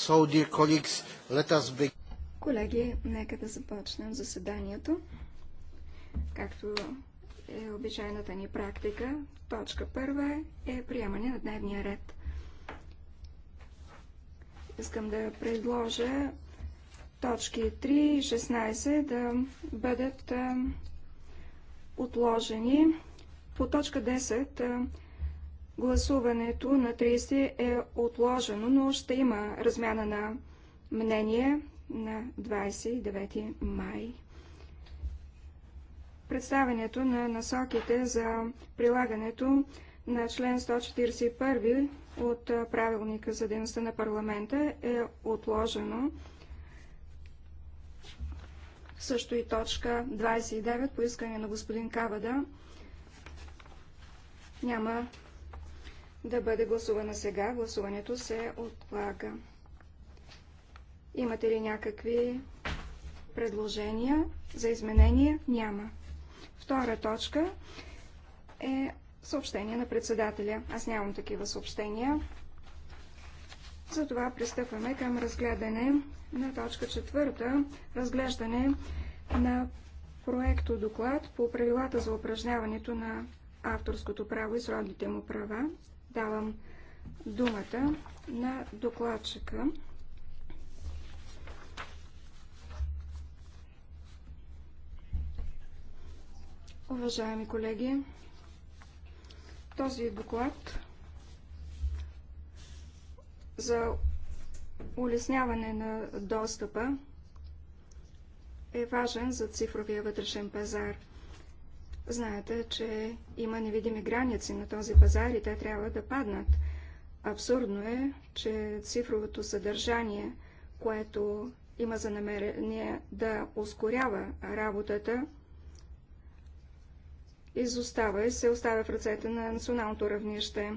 So, dear colleagues, let us begin. Колеги, нека да започнем заседанието. Както е обичайната ни практика, точка първа е приемане на дневния ред. Искам да предложа точки 3 и 16 да бъдат отложени. По точка 10 Гласуването на 30 е отложено, но ще има размяна на мнение на 29 май. Представянето на насоките за прилагането на член 141 от правилника за дейността на парламента е отложено. Също и точка 29 по искане на господин Кавада. Няма да бъде гласувана сега. Гласуването се отлага. Имате ли някакви предложения за изменения? Няма. Втора точка е съобщение на председателя. Аз нямам такива съобщения. Затова пристъпваме към разгледане на точка четвърта, разглеждане на проекто доклад по правилата за упражняването на авторското право и сродните му права Давам думата на докладчика. Уважаеми колеги, този доклад за улесняване на достъпа е важен за цифровия вътрешен пазар – Знаете, че има невидими граници на този пазар и те трябва да паднат. Абсурдно е, че цифровото съдържание, което има за намерение да ускорява работата, изостава и се оставя в ръцете на националното равнище.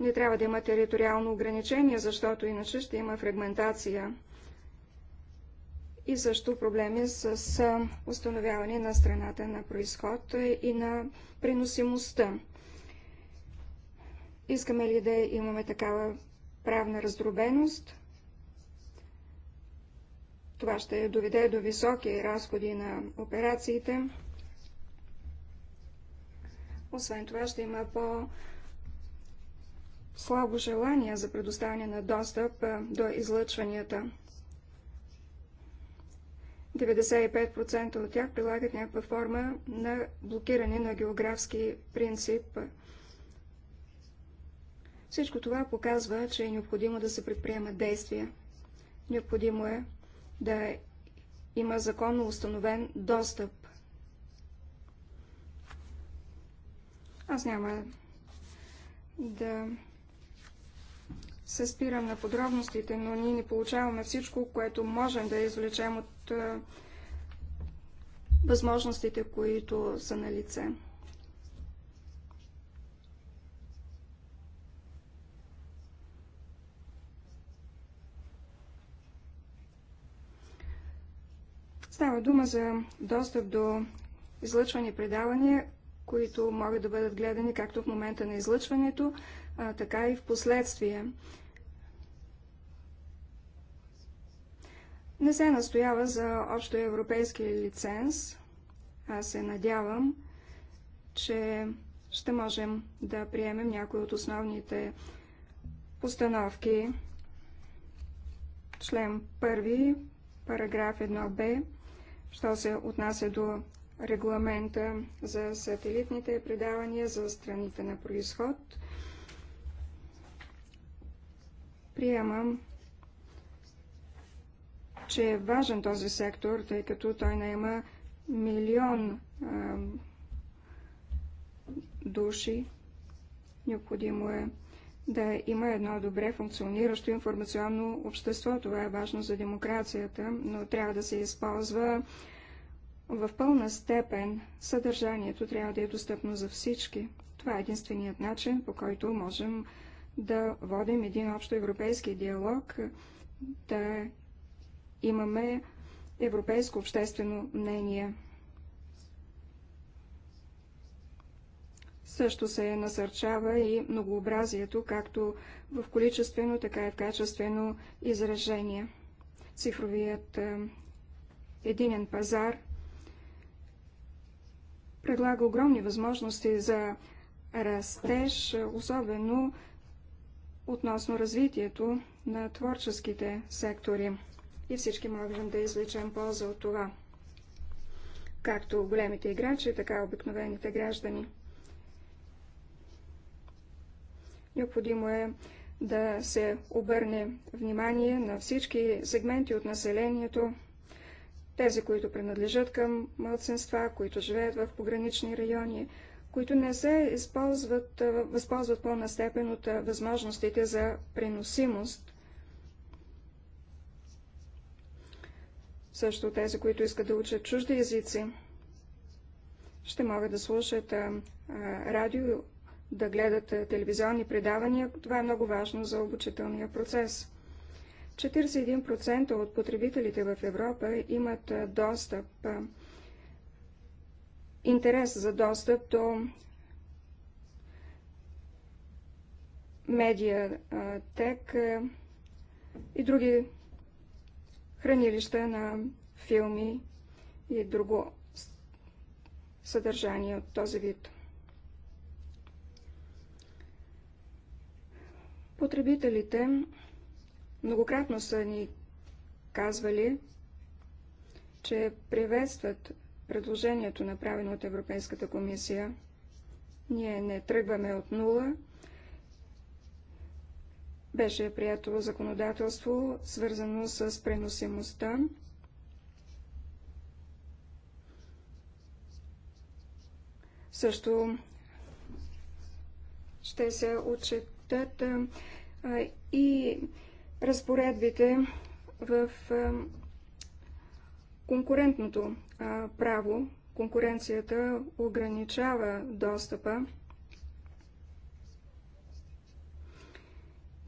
Не трябва да има териториално ограничение, защото иначе ще има фрагментация и също проблеми с установяване на страната на происход и на приносимостта. Искаме ли да имаме такава правна раздробеност? Това ще доведе до високи разходи на операциите. Освен това ще има по- слабо желание за предоставяне на достъп до излъчванията. 95% от тях прилагат някаква форма на блокиране на географски принцип. Всичко това показва, че е необходимо да се предприемат действия. Необходимо е да има законно установен достъп. Аз няма да се спирам на подробностите, но ние не получаваме всичко, което можем да извлечем от възможностите, които са на лице. Става дума за достъп до излъчвани предавания, които могат да бъдат гледани както в момента на излъчването, а, така и в последствие. Не се настоява за общо европейски лиценз. Аз се надявам, че ще можем да приемем някои от основните постановки. Член 1, параграф 1б, що се отнася до регламента за сателитните предавания за страните на происход. Приемам, че е важен този сектор, тъй като той наема милион а, души. Необходимо е да има едно добре функциониращо информационно общество. Това е важно за демокрацията, но трябва да се използва в пълна степен съдържанието трябва да е достъпно за всички. Това е единственият начин, по който можем да водим един общо европейски диалог, да имаме европейско обществено мнение. Също се насърчава и многообразието, както в количествено, така и в качествено изражение. Цифровият е, единен пазар – предлага огромни възможности за растеж, особено относно развитието на творческите сектори. И всички можем да извлечем полза от това. Както големите играчи, така и обикновените граждани. Необходимо е да се обърне внимание на всички сегменти от населението, тези, които принадлежат към младсинства, които живеят в погранични райони, които не се използват, възползват пълна степен от възможностите за преносимост. Също тези, които искат да учат чужди езици, ще могат да слушат а, а, радио, да гледат а, телевизионни предавания. Това е много важно за обучителния процес. 41% от потребителите в Европа имат достъп, интерес за достъп до медиатек и други хранилища на филми и друго съдържание от този вид. Потребителите Многократно са ни казвали, че приветстват предложението, направено от Европейската комисия. Ние не тръгваме от нула. Беше прието законодателство, свързано с преносимостта. Също ще се отчетат и разпоредбите в конкурентното право. Конкуренцията ограничава достъпа.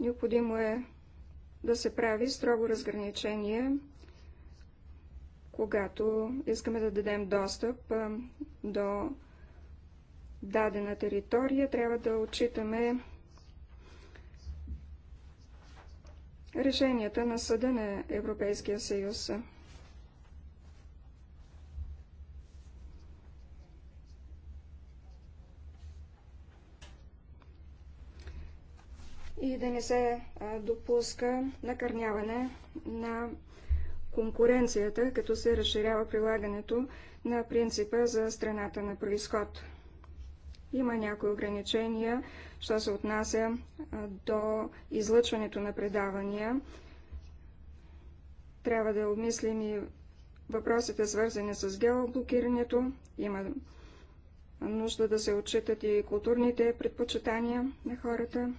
Необходимо е да се прави строго разграничение, когато искаме да дадем достъп до дадена територия, трябва да отчитаме решенията на Съда на Европейския съюз. И да не се допуска накърняване на конкуренцията, като се разширява прилагането на принципа за страната на происход. Има някои ограничения, що се отнася до излъчването на предавания. Трябва да обмислим и въпросите, свързани с геоблокирането. Има нужда да се отчитат и културните предпочитания на хората.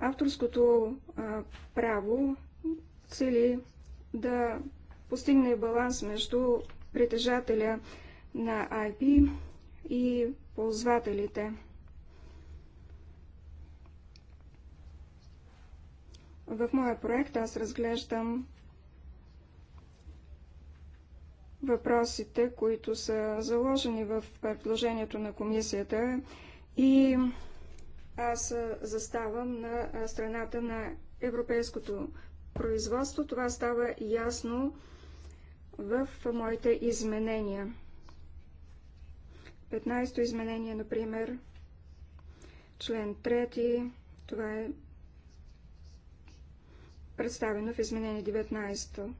Авторското право цели да постигне баланс между притежателя на IP и ползвателите. В моя проект аз разглеждам въпросите, които са заложени в предложението на комисията и аз заставам на страната на европейското производство. Това става ясно в моите изменения. 15-то изменение, например, член 3, това е представено в изменение 19. то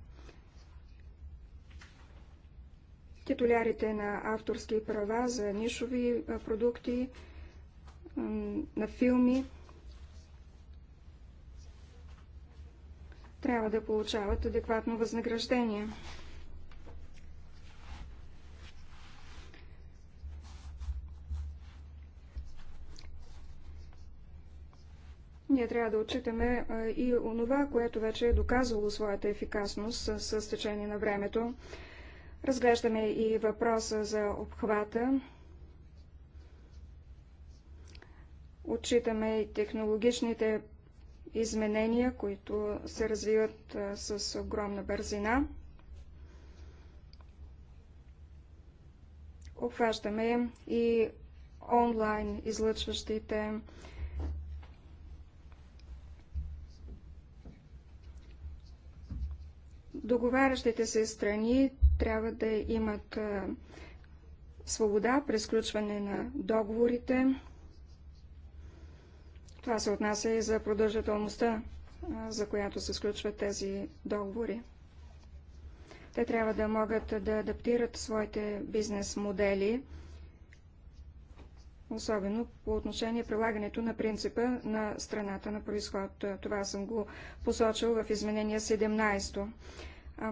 Титулярите на авторски права за нишови продукти, на филми, трябва да получават адекватно възнаграждение. Ние трябва да отчитаме и онова, което вече е доказало своята ефикасност с течение на времето. Разглеждаме и въпроса за обхвата. Отчитаме и технологичните изменения, които се развиват с огромна бързина. Обхващаме и онлайн излъчващите Договарящите се страни трябва да имат свобода при сключване на договорите. Това се отнася и за продължителността, за която се сключват тези договори. Те трябва да могат да адаптират своите бизнес модели, особено по отношение прилагането на принципа на страната на происход. Това съм го посочил в изменение 17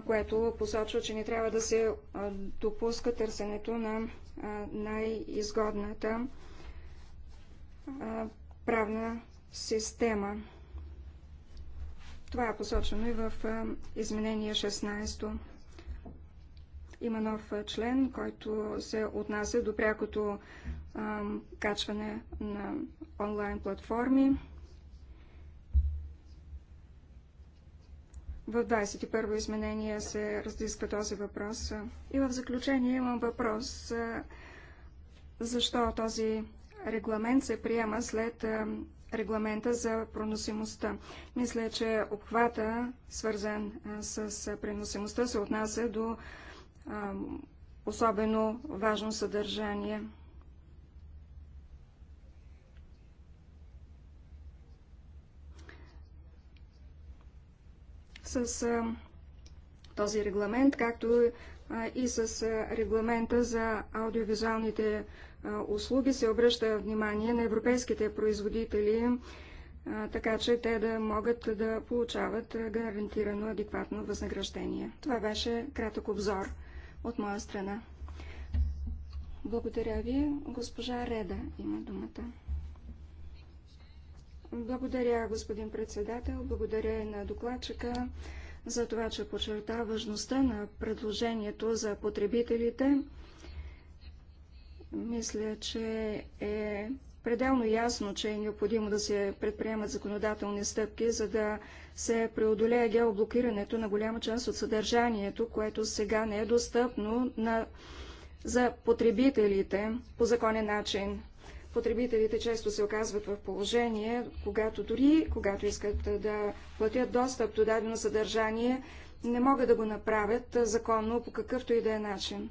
което посочва, че не трябва да се допуска търсенето на най-изгодната правна система. Това е посочено и в изменение 16. Има нов член, който се отнася до прякото качване на онлайн платформи. В 21 изменение се разисква този въпрос. И в заключение имам въпрос защо този регламент се приема след регламента за проносимостта. Мисля, че обхвата, свързан с преносимостта, се отнася до особено важно съдържание. с този регламент, както и с регламента за аудиовизуалните услуги се обръща внимание на европейските производители, така че те да могат да получават гарантирано адекватно възнаграждение. Това беше кратък обзор от моя страна. Благодаря ви. Госпожа Реда има думата. Благодаря, господин председател. Благодаря и на докладчика за това, че почерта важността на предложението за потребителите. Мисля, че е пределно ясно, че е необходимо да се предприемат законодателни стъпки, за да се преодолее геоблокирането на голяма част от съдържанието, което сега не е достъпно на, за потребителите по законен начин потребителите често се оказват в положение, когато дори, когато искат да платят достъп до дадено съдържание, не могат да го направят законно по какъвто и да е начин.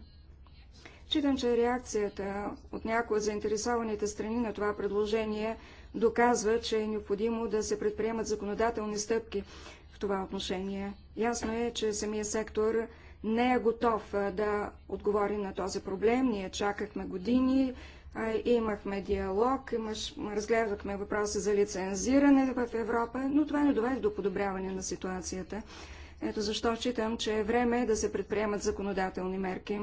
Читам, че реакцията от някои от заинтересованите страни на това предложение доказва, че е необходимо да се предприемат законодателни стъпки в това отношение. Ясно е, че самия сектор не е готов да отговори на този проблем. Ние чакахме години, имахме диалог, имаш, разгледахме въпроса за лицензиране в Европа, но това не доведе до подобряване на ситуацията. Ето защо читам, че е време да се предприемат законодателни мерки.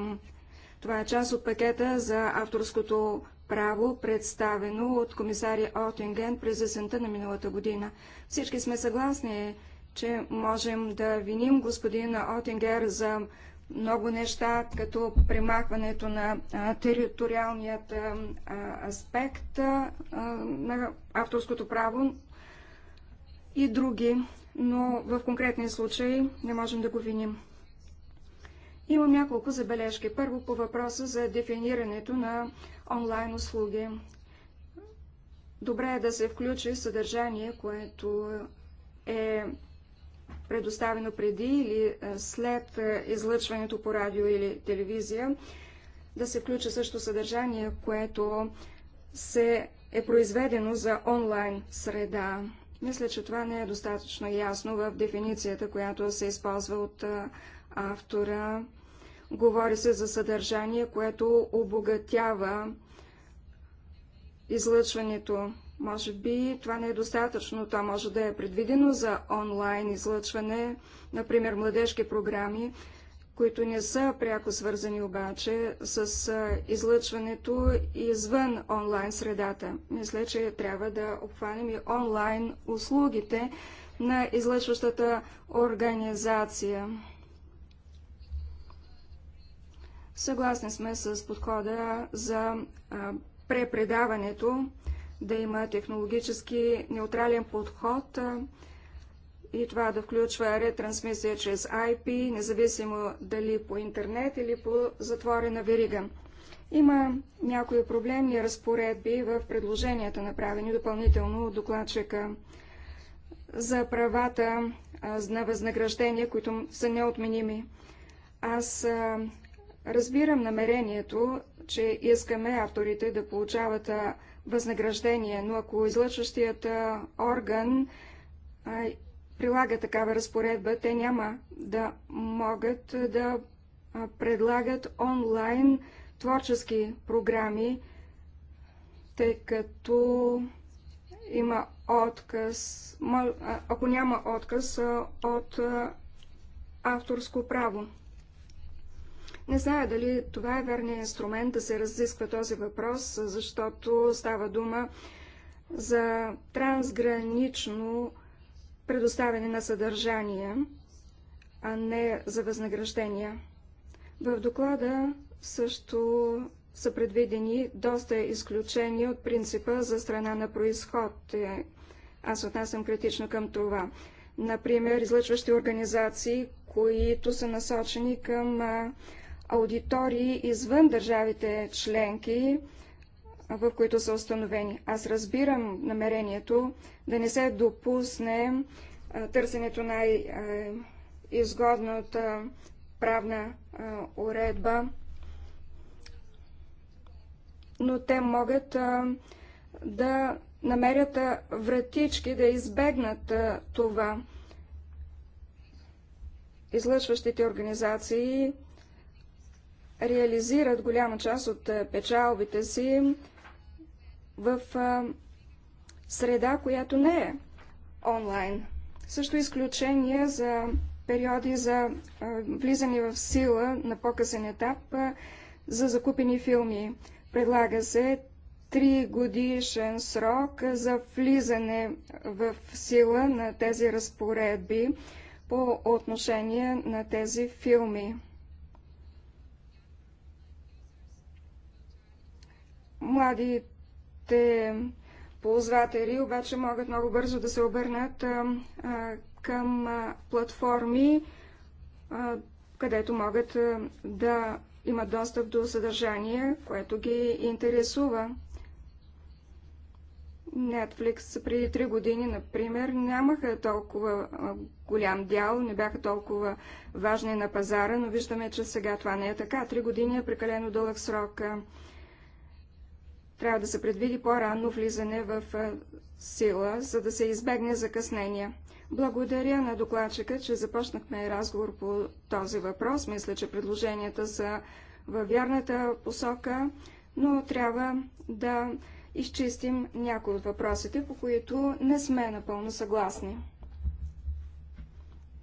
Това е част от пакета за авторското право, представено от комисаря Отинген през есента на миналата година. Всички сме съгласни, че можем да виним господин Отингер за много неща, като премахването на териториалният аспект на авторското право и други, но в конкретни случаи не можем да го виним. Имам няколко забележки. Първо по въпроса за дефинирането на онлайн услуги. Добре е да се включи съдържание, което е предоставено преди или е, след е, излъчването по радио или телевизия, да се включи също съдържание, което се е произведено за онлайн среда. Мисля, че това не е достатъчно ясно в дефиницията, която се използва от е, автора. Говори се за съдържание, което обогатява излъчването може би това не е достатъчно, това може да е предвидено за онлайн излъчване, например младежки програми, които не са пряко свързани обаче с излъчването извън онлайн средата. Мисля, че трябва да обхванем и онлайн услугите на излъчващата организация. Съгласни сме с подхода за препредаването да има технологически неутрален подход и това да включва ретрансмисия чрез IP, независимо дали по интернет или по затворена верига. Има някои проблемни разпоредби в предложенията, направени допълнително от докладчика за правата на възнаграждения, които са неотменими. Аз разбирам намерението, че искаме авторите да получават възнаграждение, но ако излъчващият орган прилага такава разпоредба, те няма да могат да предлагат онлайн творчески програми, тъй като има отказ, ако няма отказ от авторско право. Не зная дали това е верният инструмент да се разисква този въпрос, защото става дума за трансгранично предоставяне на съдържание, а не за възнаграждения. В доклада също са предвидени доста изключения от принципа за страна на происход. Аз отнасям критично към това. Например, излъчващи организации, които са насочени към аудитории извън държавите членки, в които са установени. Аз разбирам намерението да не се допусне търсенето на изгодната правна уредба, но те могат да намерят вратички да избегнат това. Излъчващите организации реализират голяма част от е, печалбите си в е, среда, която не е онлайн. Също изключение за периоди за е, влизане в сила на по-късен етап за закупени филми. Предлага се три годишен срок за влизане в сила на тези разпоредби по отношение на тези филми. Младите ползватели обаче могат много бързо да се обърнат а, а, към а, платформи, а, където могат а, да имат достъп до съдържание, което ги интересува. Netflix преди три години, например, нямаха толкова голям дял, не бяха толкова важни на пазара, но виждаме, че сега това не е така. Три години е прекалено дълъг срок. Трябва да се предвиди по-ранно влизане в сила, за да се избегне закъснение. Благодаря на докладчика, че започнахме разговор по този въпрос. Мисля, че предложенията са във вярната посока, но трябва да изчистим някои от въпросите, по които не сме напълно съгласни.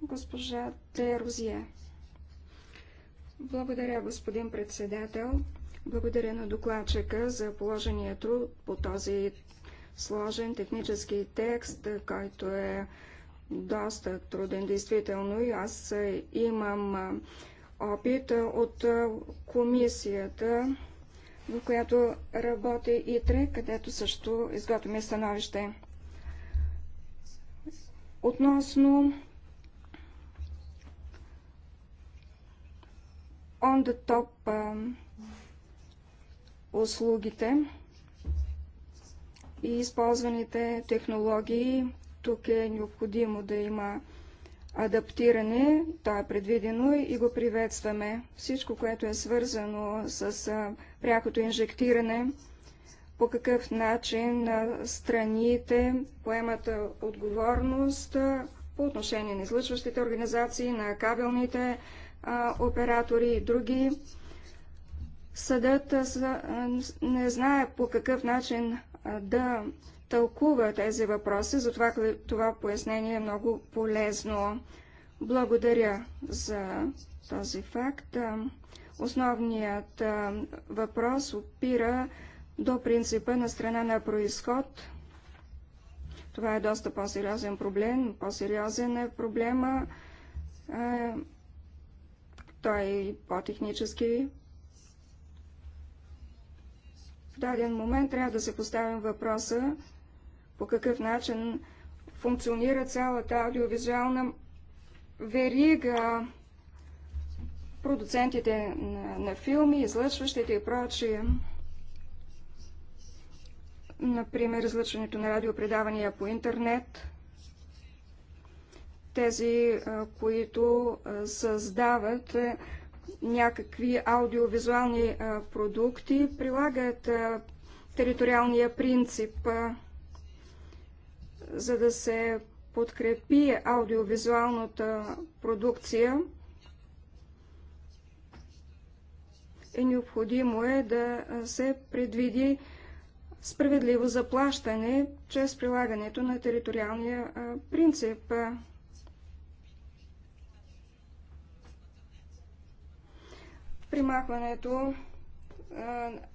Госпожа Терозия. Благодаря, господин председател. Благодаря на докладчика за положения труд по този сложен технически текст, който е доста труден действително и аз имам опит от комисията, в която работи ИТРЕ, където също изготвяме становище. Относно on the top услугите и използваните технологии. Тук е необходимо да има адаптиране, то е предвидено и го приветстваме. Всичко, което е свързано с прякото инжектиране, по какъв начин страните поемат отговорност по отношение на излъчващите организации, на кабелните оператори и други съдът не знае по какъв начин да тълкува тези въпроси, затова това пояснение е много полезно. Благодаря за този факт. Основният въпрос опира до принципа на страна на происход. Това е доста по-сериозен проблем. По-сериозен е проблема. Той е по-технически в даден момент трябва да се поставим въпроса по какъв начин функционира цялата аудиовизуална верига, продуцентите на, на филми, излъчващите и прочие. Например, излъчването на радиопредавания по интернет. Тези, които създават е, някакви аудиовизуални продукти прилагат териториалния принцип, за да се подкрепи аудиовизуалната продукция, е необходимо е да се предвиди справедливо заплащане чрез прилагането на териториалния принцип. примахването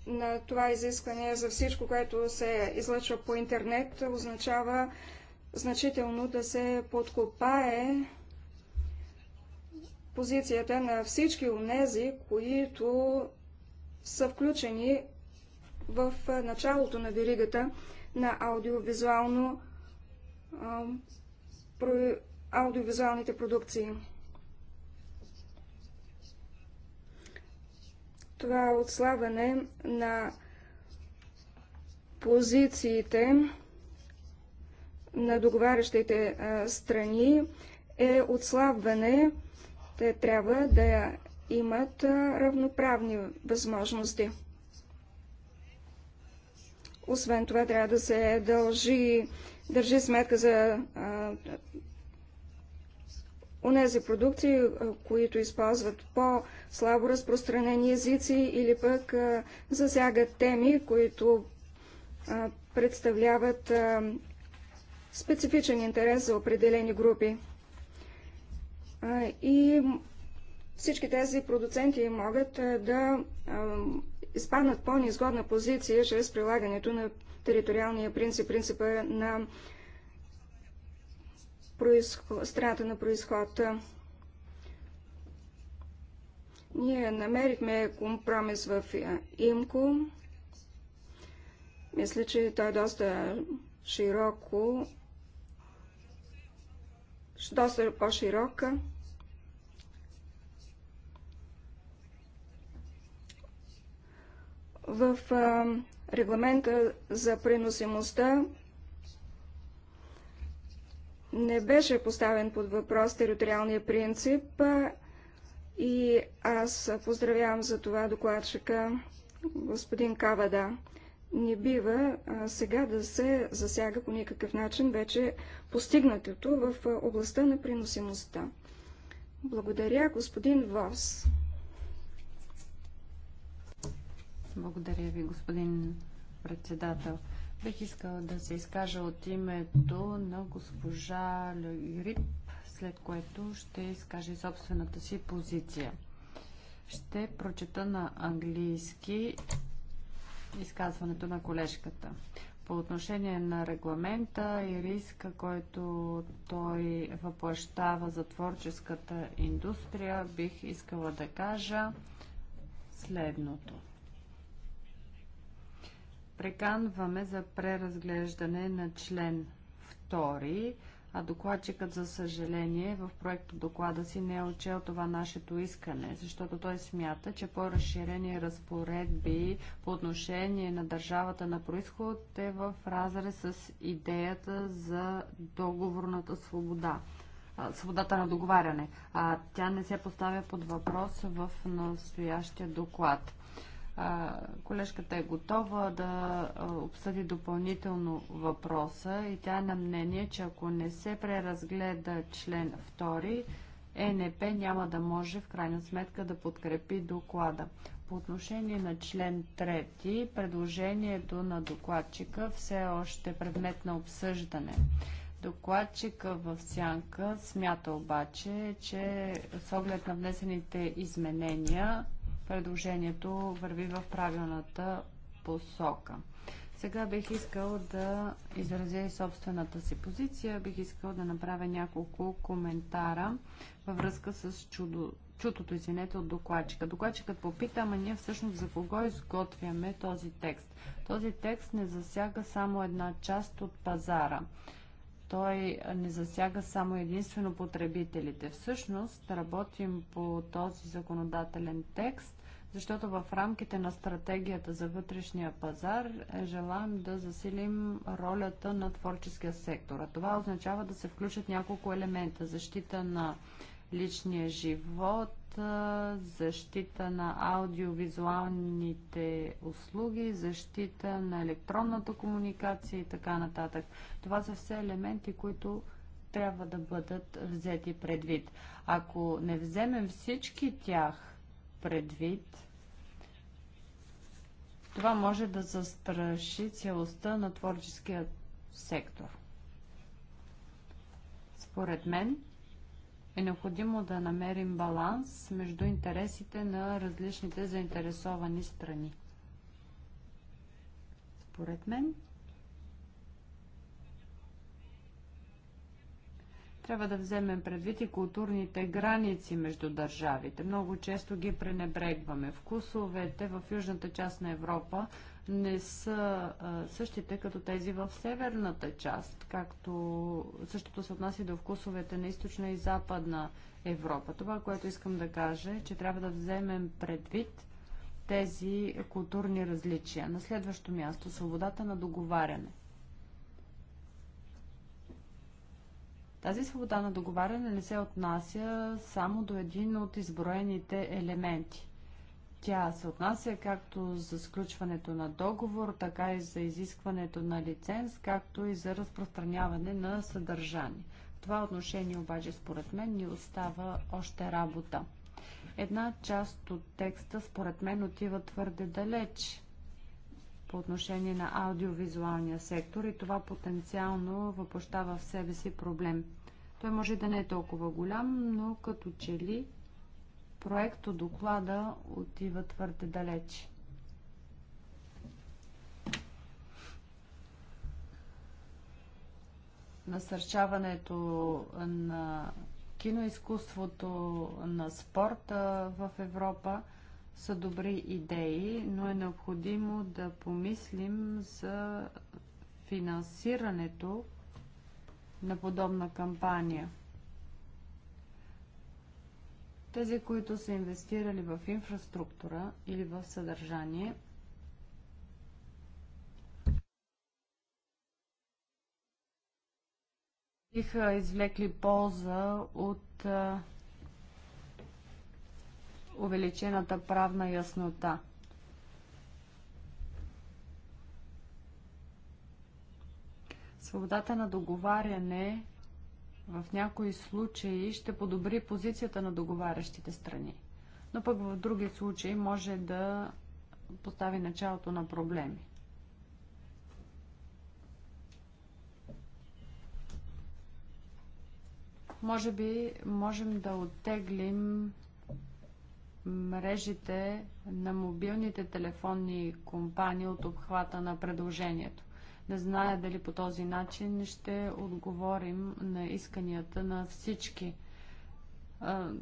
на това изискване за всичко, което се излъчва по интернет, означава значително да се подкопае позицията на всички онези, които са включени в началото на веригата на аудиовизуално, аудиовизуалните продукции. Това отслабване на позициите на договарящите страни е отслабване. Те трябва да имат равноправни възможности. Освен това трябва да се дължи, държи сметка за а, Унези продукти, които използват по-слабо разпространени езици или пък засягат теми, които представляват специфичен интерес за определени групи. И всички тези продуценти могат да изпаднат по-неизгодна позиция чрез прилагането на териториалния принцип, принципа на происход, страната на происход. Ние намерихме компромис в ИМКО. Мисля, че той е доста широко, доста по-широка. В регламента за преносимостта не беше поставен под въпрос териториалния принцип и аз поздравявам за това докладчика господин Кавада. Не бива сега да се засяга по никакъв начин вече постигнатото в областта на приносимостта. Благодаря, господин Вос. Благодаря ви, господин председател. Бих искала да се изкажа от името на госпожа Легрип, след което ще изкаже собствената си позиция. Ще прочета на английски изказването на колежката. По отношение на регламента и риска, който той въплащава за творческата индустрия, бих искала да кажа следното приканваме за преразглеждане на член 2, а докладчикът, за съжаление, в проекта доклада си не е отчел това нашето искане, защото той смята, че по-разширени разпоредби по отношение на държавата на происход е в разрез с идеята за договорната свобода свободата на договаряне. А тя не се поставя под въпрос в настоящия доклад. Колежката е готова да обсъди допълнително въпроса и тя е на мнение, че ако не се преразгледа член 2, ЕНП няма да може в крайна сметка да подкрепи доклада. По отношение на член 3, предложението на докладчика все още е предмет на обсъждане. Докладчика в сянка смята обаче, че с оглед на внесените изменения предложението върви в правилната посока. Сега бих искал да изразя и собствената си позиция. Бих искал да направя няколко коментара във връзка с чудо, чутото, извинете, от докладчика. Докладчикът попита, ама ние всъщност за кого изготвяме този текст. Този текст не засяга само една част от пазара. Той не засяга само единствено потребителите. Всъщност работим по този законодателен текст защото в рамките на стратегията за вътрешния пазар е желаем да засилим ролята на творческия сектор. А това означава да се включат няколко елемента. Защита на личния живот, защита на аудиовизуалните услуги, защита на електронната комуникация и така нататък. Това са все елементи, които трябва да бъдат взети предвид. Ако не вземем всички тях предвид, това може да застраши цялостта на творческия сектор. Според мен е необходимо да намерим баланс между интересите на различните заинтересовани страни. Според мен Трябва да вземем предвид и културните граници между държавите. Много често ги пренебрегваме. Вкусовете в южната част на Европа не са а, същите като тези в северната част, както същото се отнася до вкусовете на източна и западна Европа. Това, което искам да кажа е, че трябва да вземем предвид тези културни различия. На следващо място свободата на договаряне. Тази свобода на договаряне не се отнася само до един от изброените елементи. Тя се отнася както за сключването на договор, така и за изискването на лиценз, както и за разпространяване на съдържание. В това отношение обаче според мен ни остава още работа. Една част от текста според мен отива твърде далеч по отношение на аудиовизуалния сектор и това потенциално въплощава в себе си проблем. Той може да не е толкова голям, но като че ли проекто доклада отива твърде далеч. Насърчаването на киноизкуството, на спорта в Европа – са добри идеи, но е необходимо да помислим за финансирането на подобна кампания. Тези, които са инвестирали в инфраструктура или в съдържание, биха извлекли полза от увеличената правна яснота. Свободата на договаряне в някои случаи ще подобри позицията на договарящите страни, но пък в други случаи може да постави началото на проблеми. Може би можем да оттеглим мрежите на мобилните телефонни компании от обхвата на предложението. Не зная дали по този начин ще отговорим на исканията на всички.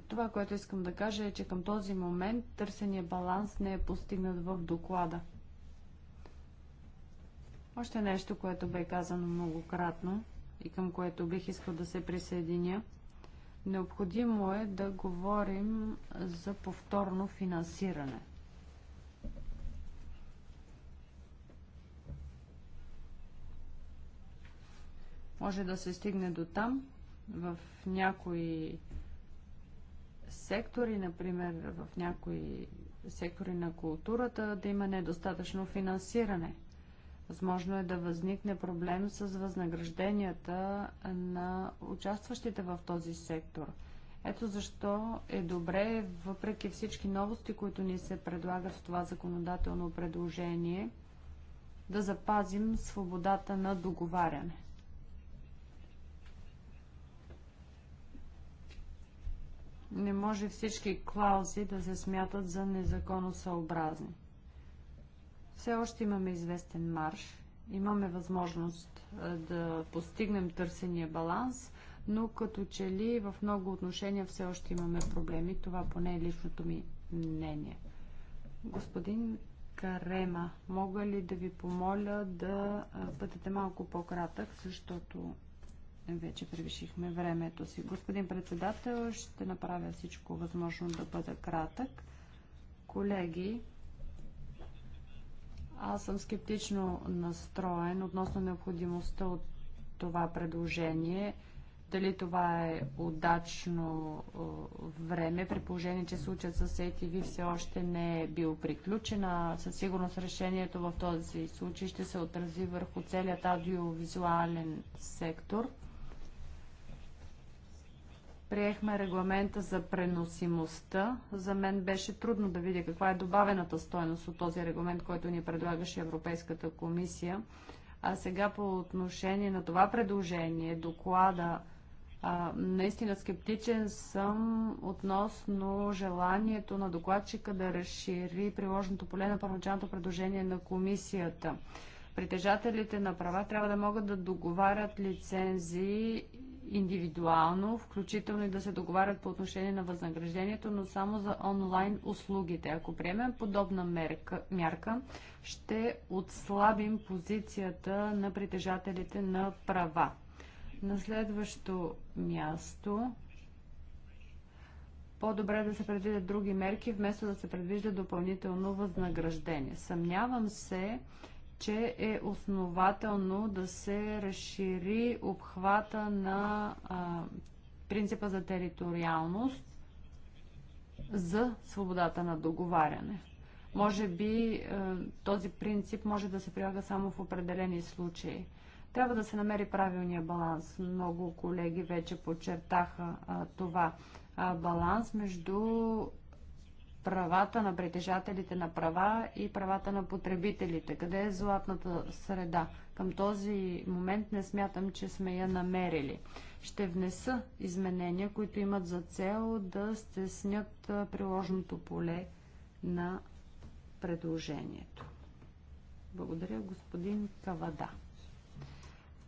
Това, което искам да кажа е, че към този момент търсения баланс не е постигнат в доклада. Още нещо, което бе казано многократно и към което бих искал да се присъединя – Необходимо е да говорим за повторно финансиране. Може да се стигне до там, в някои сектори, например в някои сектори на културата, да има недостатъчно финансиране – Възможно е да възникне проблем с възнагражденията на участващите в този сектор. Ето защо е добре, въпреки всички новости, които ни се предлагат в това законодателно предложение, да запазим свободата на договаряне. Не може всички клаузи да се смятат за незаконосъобразни. Все още имаме известен марш. Имаме възможност да постигнем търсения баланс, но като че ли в много отношения все още имаме проблеми. Това поне е личното ми мнение. Господин Карема, мога ли да ви помоля да бъдете малко по-кратък, защото вече превишихме времето си. Господин председател, ще направя всичко възможно да бъда кратък. Колеги, аз съм скептично настроен относно необходимостта от това предложение. Дали това е удачно време, при положение, че случаят с ATV все още не е бил приключен, а със сигурност решението в този случай ще се отрази върху целият аудиовизуален сектор – приехме регламента за преносимостта, за мен беше трудно да видя каква е добавената стойност от този регламент, който ни предлагаше Европейската комисия. А сега по отношение на това предложение, доклада, а, наистина скептичен съм относно желанието на докладчика да разшири приложното поле на първоначалното предложение на комисията. Притежателите на права трябва да могат да договарят лицензии индивидуално, включително и да се договарят по отношение на възнаграждението, но само за онлайн услугите. Ако приемем подобна мерка, мярка, ще отслабим позицията на притежателите на права. На следващо място по-добре да се предвидят други мерки, вместо да се предвижда допълнително възнаграждение. Съмнявам се, че е основателно да се разшири обхвата на а, принципа за териториалност за свободата на договаряне. Може би този принцип може да се прилага само в определени случаи. Трябва да се намери правилния баланс. Много колеги вече подчертаха а, това. А, баланс между правата на притежателите на права и правата на потребителите. Къде е златната среда? Към този момент не смятам, че сме я намерили. Ще внеса изменения, които имат за цел да стеснят приложното поле на предложението. Благодаря, господин Кавада.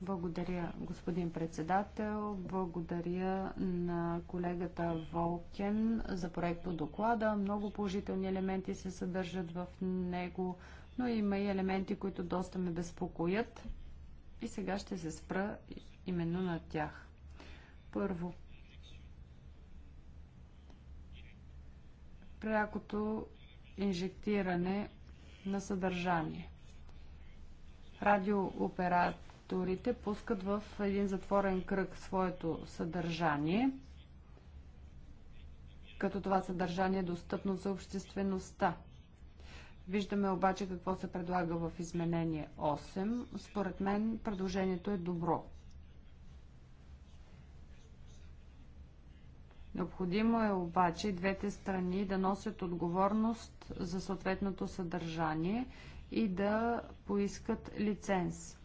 Благодаря, господин председател. Благодаря на колегата Волкен за проекто доклада. Много положителни елементи се съдържат в него, но има и елементи, които доста ме безпокоят. И сега ще се спра именно на тях. Първо, прякото инжектиране на съдържание. Радиооперация авторите пускат в един затворен кръг своето съдържание, като това съдържание е достъпно за обществеността. Виждаме обаче какво се предлага в изменение 8. Според мен предложението е добро. Необходимо е обаче двете страни да носят отговорност за съответното съдържание и да поискат лиценз.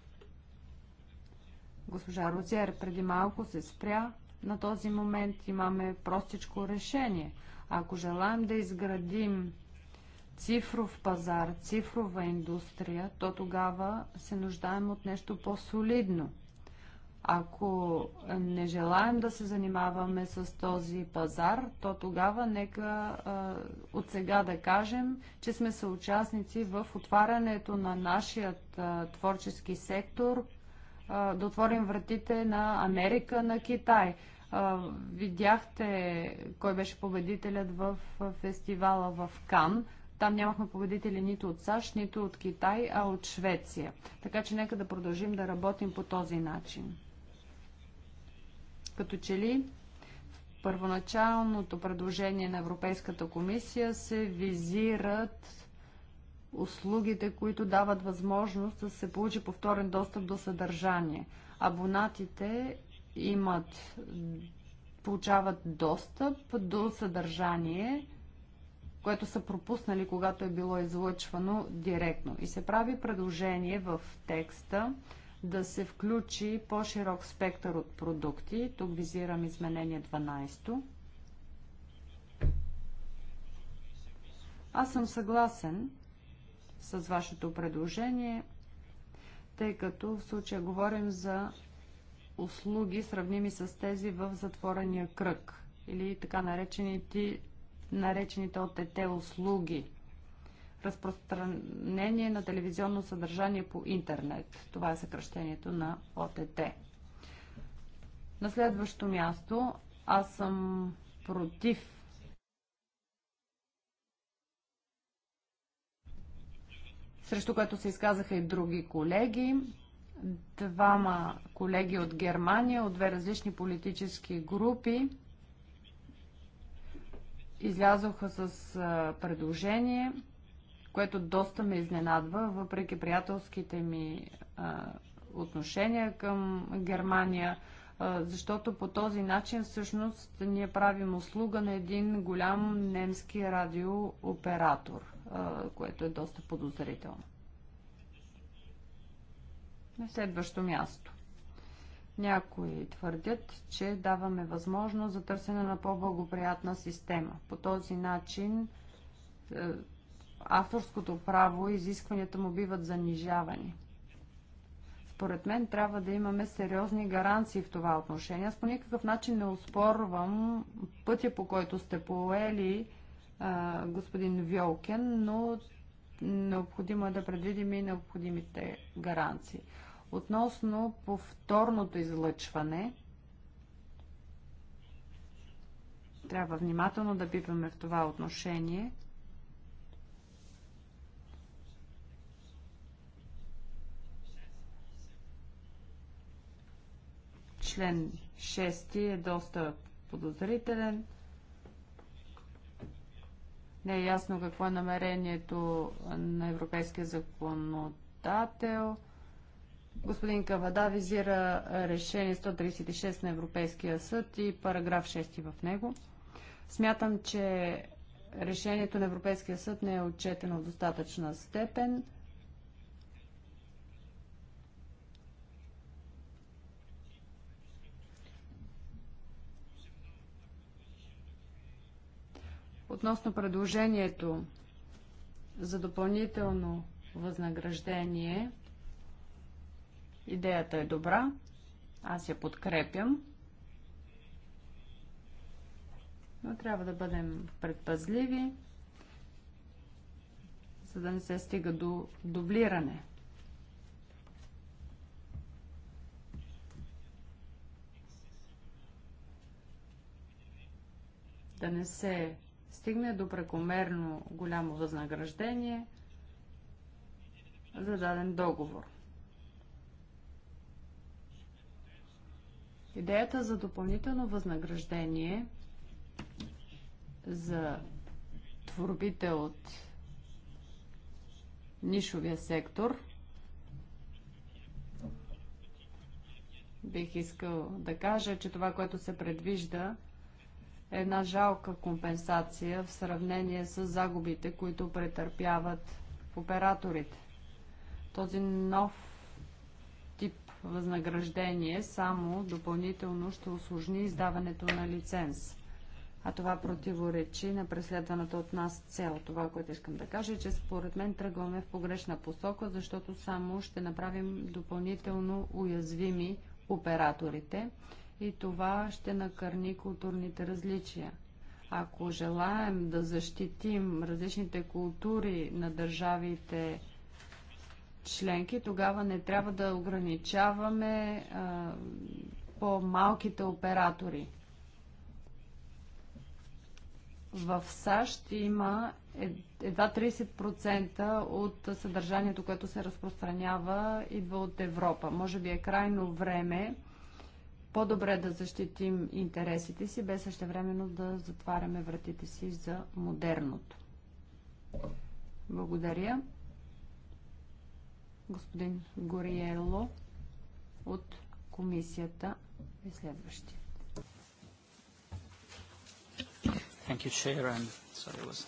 Госпожа Розер преди малко се спря на този момент. Имаме простичко решение. Ако желаем да изградим цифров пазар, цифрова индустрия, то тогава се нуждаем от нещо по-солидно. Ако не желаем да се занимаваме с този пазар, то тогава нека а, от сега да кажем, че сме съучастници в отварянето на нашия творчески сектор да отворим вратите на Америка, на Китай. Видяхте кой беше победителят в фестивала в Кан. Там нямахме победители нито от САЩ, нито от Китай, а от Швеция. Така че нека да продължим да работим по този начин. Като че ли в първоначалното предложение на Европейската комисия се визират услугите, които дават възможност да се получи повторен достъп до съдържание. Абонатите имат, получават достъп до съдържание, което са пропуснали, когато е било излъчвано директно. И се прави предложение в текста да се включи по-широк спектър от продукти. Тук визирам изменение 12. Аз съм съгласен, с вашето предложение, тъй като в случая говорим за услуги, сравними с тези в затворения кръг или така наречените, наречените от ТТ услуги. Разпространение на телевизионно съдържание по интернет. Това е съкръщението на ОТТ. На следващо място аз съм против срещу което се изказаха и други колеги. Двама колеги от Германия, от две различни политически групи, излязоха с предложение, което доста ме изненадва, въпреки приятелските ми отношения към Германия защото по този начин всъщност ние правим услуга на един голям немски радиооператор което е доста подозрително. На следващо място. Някои твърдят, че даваме възможност за търсене на по-благоприятна система. По този начин е, авторското право и изискванията му биват занижавани. Според мен трябва да имаме сериозни гаранции в това отношение. Аз по никакъв начин не успорвам пътя, по който сте поели а, господин Вьолкен, но необходимо е да предвидим и необходимите гаранции. Относно повторното излъчване, трябва внимателно да пипаме в това отношение. Член 6 е доста подозрителен. Не е ясно какво е намерението на европейския законодател. Господин Кавада визира решение 136 на Европейския съд и параграф 6 в него. Смятам, че решението на Европейския съд не е отчетено в достатъчна степен. Относно предложението за допълнително възнаграждение, идеята е добра, аз я подкрепям, но трябва да бъдем предпазливи, за да не се стига до дублиране. Да не се стигне до прекомерно голямо възнаграждение за даден договор. Идеята за допълнително възнаграждение за творбите от нишовия сектор бих искал да кажа, че това, което се предвижда една жалка компенсация в сравнение с загубите, които претърпяват операторите. Този нов тип възнаграждение само допълнително ще осложни издаването на лиценз. А това противоречи на преследваната от нас цел. Това, което искам да кажа, е, че според мен тръгваме в погрешна посока, защото само ще направим допълнително уязвими операторите и това ще накърни културните различия. Ако желаем да защитим различните култури на държавите членки, тогава не трябва да ограничаваме по-малките оператори. В САЩ има едва 30% от съдържанието, което се разпространява, идва от Европа. Може би е крайно време по-добре да защитим интересите си, без същевременно да затваряме вратите си за модерното. Благодаря. Господин Гориело от комисията е следващия. Thank you, Chair, and sorry, was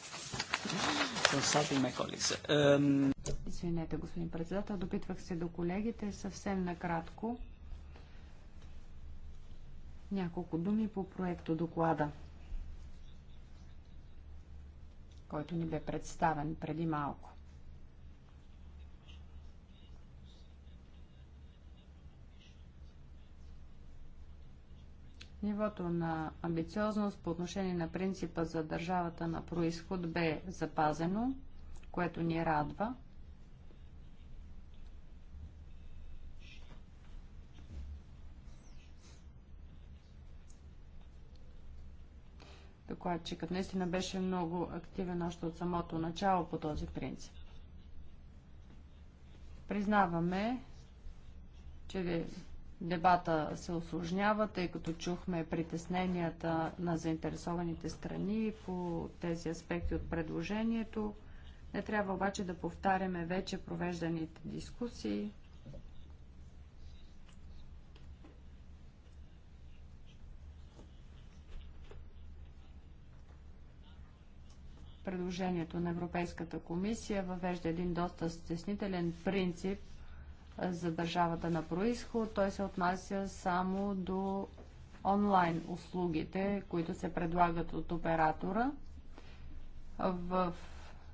consulting my colleagues. Um... Извинете, господин председател, допитвах се до колегите съвсем накратко. Няколко думи по проекто доклада, който ни бе представен преди малко. Нивото на амбициозност по отношение на принципа за държавата на происход бе запазено, което ни радва – Докладчикът наистина беше много активен още от самото начало по този принцип. Признаваме, че дебата се осложнява, тъй като чухме притесненията на заинтересованите страни по тези аспекти от предложението. Не трябва обаче да повтаряме вече провежданите дискусии. предложението на Европейската комисия въвежда един доста стеснителен принцип за държавата на происход. Той се отнася само до онлайн услугите, които се предлагат от оператора. В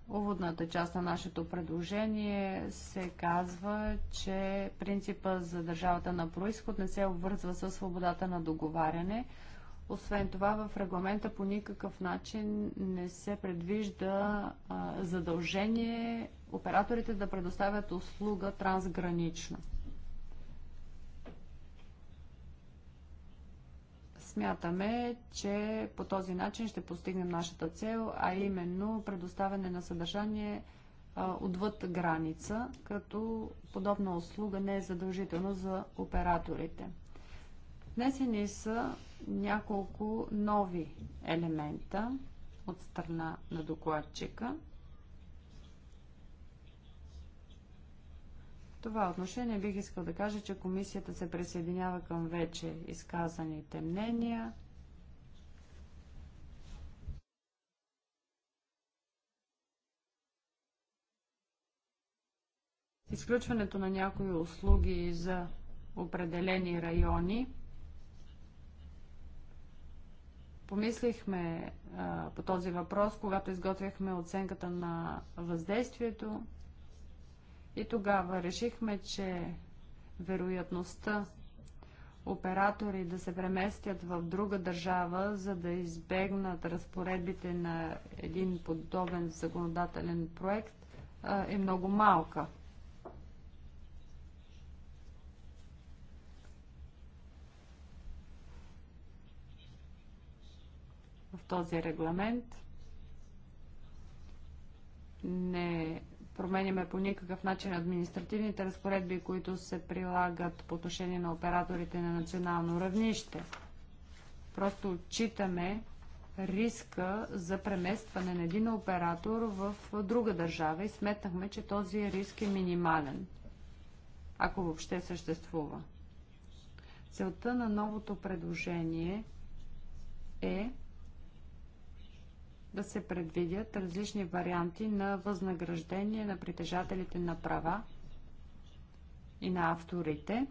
уводната част на нашето предложение се казва, че принципа за държавата на происход не се обвързва с свободата на договаряне, освен това, в регламента по никакъв начин не се предвижда а, задължение операторите да предоставят услуга трансгранично. Смятаме, че по този начин ще постигнем нашата цел, а именно предоставяне на съдържание а, отвъд граница, като подобна услуга не е задължително за операторите. Внесени са няколко нови елемента от страна на докладчика. В това отношение бих искал да кажа, че комисията се присъединява към вече изказаните мнения. Изключването на някои услуги за определени райони – Помислихме а, по този въпрос, когато изготвяхме оценката на въздействието и тогава решихме, че вероятността оператори да се преместят в друга държава, за да избегнат разпоредбите на един подобен законодателен проект, е много малка. този регламент. Не променяме по никакъв начин административните разпоредби, които се прилагат по отношение на операторите на национално равнище. Просто отчитаме риска за преместване на един оператор в друга държава и сметнахме, че този риск е минимален, ако въобще съществува. Целта на новото предложение е да се предвидят различни варианти на възнаграждение на притежателите на права и на авторите.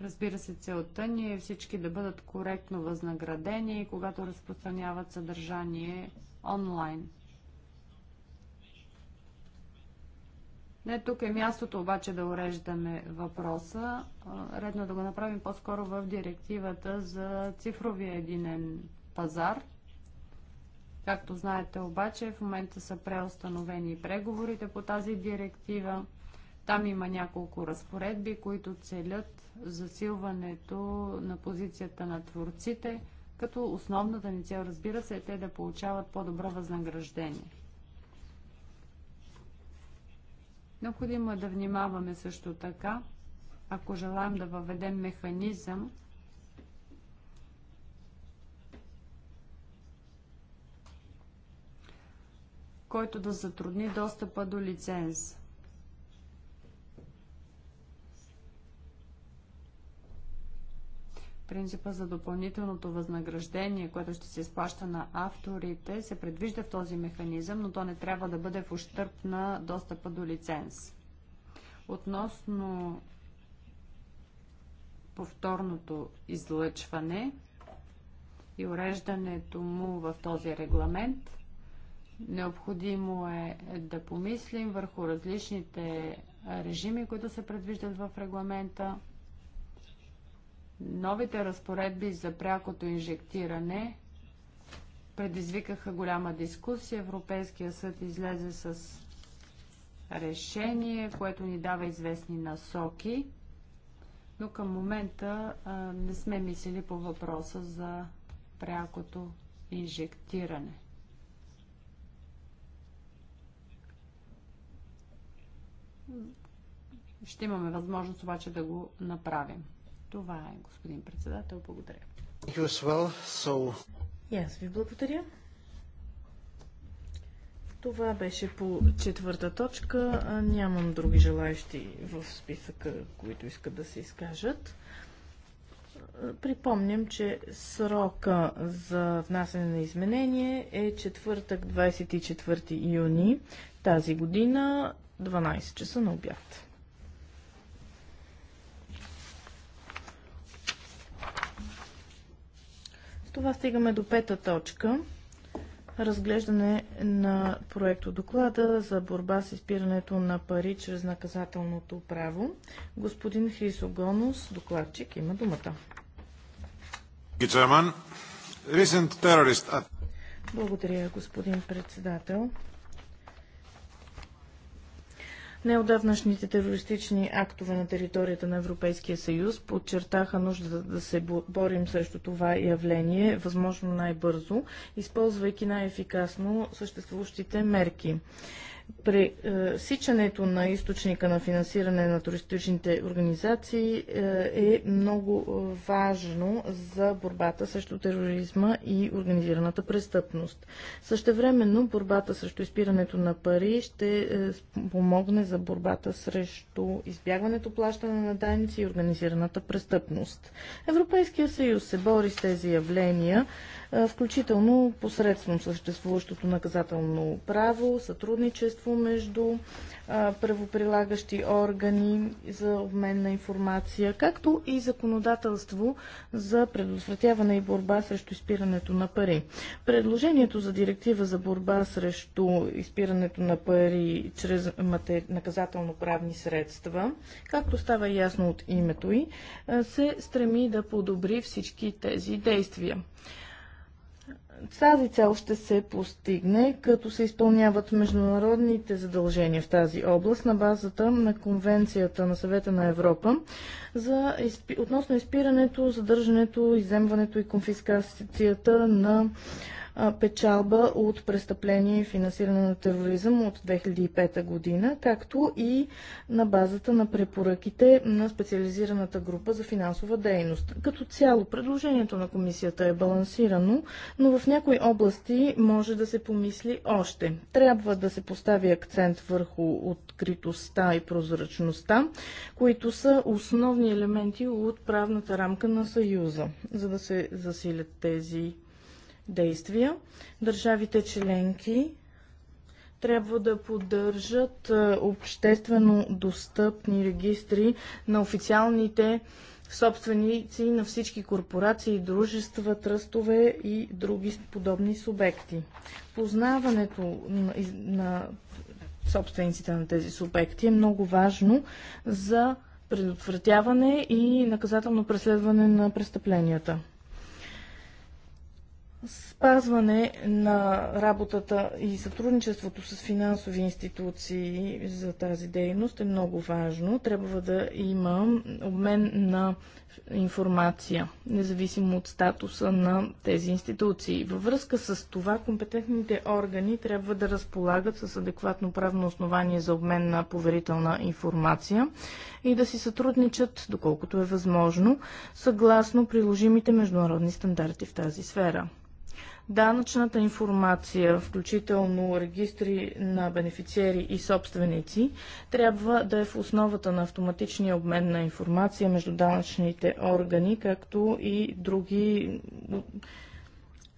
Разбира се, целта ни е всички да бъдат коректно възнаградени, когато разпространяват съдържание онлайн. Не тук е мястото обаче да уреждаме въпроса. Редно е да го направим по-скоро в директивата за цифровия единен пазар. Както знаете обаче, в момента са преустановени преговорите по тази директива. Там има няколко разпоредби, които целят засилването на позицията на творците, като основната ни цел, разбира се, е те да получават по-добро възнаграждение. Необходимо е да внимаваме също така, ако желаем да въведем механизъм, който да затрудни достъпа до лиценз. Принципа за допълнителното възнаграждение, което ще се изплаща на авторите, се предвижда в този механизъм, но то не трябва да бъде в ущърп на достъпа до лиценз. Относно повторното излъчване и уреждането му в този регламент – Необходимо е да помислим върху различните режими, които се предвиждат в регламента. Новите разпоредби за прякото инжектиране предизвикаха голяма дискусия. Европейския съд излезе с решение, което ни дава известни насоки, но към момента а, не сме мислили по въпроса за прякото инжектиране. Ще имаме възможност обаче да го направим. Това е, господин председател. Благодаря. И аз ви благодаря. Това беше по четвърта точка. Нямам други желаящи в списъка, които искат да се изкажат. Припомням, че срока за внасяне на изменение е четвъртък 24 юни тази година 12 часа на обяд. С това стигаме до пета точка. Разглеждане на проекто доклада за борба с изпирането на пари чрез наказателното право. Господин Хрисо Гонус, докладчик, има думата. Благодаря, господин председател. Неодавнашните терористични актове на територията на Европейския съюз подчертаха нуждата да се борим срещу това явление, възможно най-бързо, използвайки най-ефикасно съществуващите мерки пресичането на източника на финансиране на туристичните организации е, е много е, важно за борбата срещу тероризма и организираната престъпност. Същевременно борбата срещу изпирането на пари ще е, помогне за борбата срещу избягването плащане на данници и организираната престъпност. Европейския съюз се бори с тези явления, включително посредством съществуващото наказателно право, сътрудничество, сътрудничество между правоприлагащи органи за обмен на информация, както и законодателство за предотвратяване и борба срещу изпирането на пари. Предложението за директива за борба срещу изпирането на пари чрез наказателно-правни средства, както става ясно от името й, се стреми да подобри всички тези действия. Тази цел ще се постигне, като се изпълняват международните задължения в тази област на базата на Конвенцията на Съвета на Европа за изпи... относно изпирането, задържането, иземването и конфискацията на печалба от престъпление и финансиране на тероризъм от 2005 година, както и на базата на препоръките на специализираната група за финансова дейност. Като цяло, предложението на комисията е балансирано, но в някои области може да се помисли още. Трябва да се постави акцент върху откритостта и прозрачността, които са основни елементи от правната рамка на Съюза, за да се засилят тези действия. Държавите членки трябва да поддържат е, обществено достъпни регистри на официалните собственици на всички корпорации, дружества, тръстове и други подобни субекти. Познаването на, собствениците на тези субекти е много важно за предотвратяване и наказателно преследване на престъпленията. Спазване на работата и сътрудничеството с финансови институции за тази дейност е много важно. Трябва да има обмен на информация, независимо от статуса на тези институции. Във връзка с това, компетентните органи трябва да разполагат с адекватно правно основание за обмен на поверителна информация и да си сътрудничат, доколкото е възможно, съгласно приложимите международни стандарти в тази сфера данъчната информация, включително регистри на бенефициери и собственици, трябва да е в основата на автоматичния обмен на информация между данъчните органи, както и други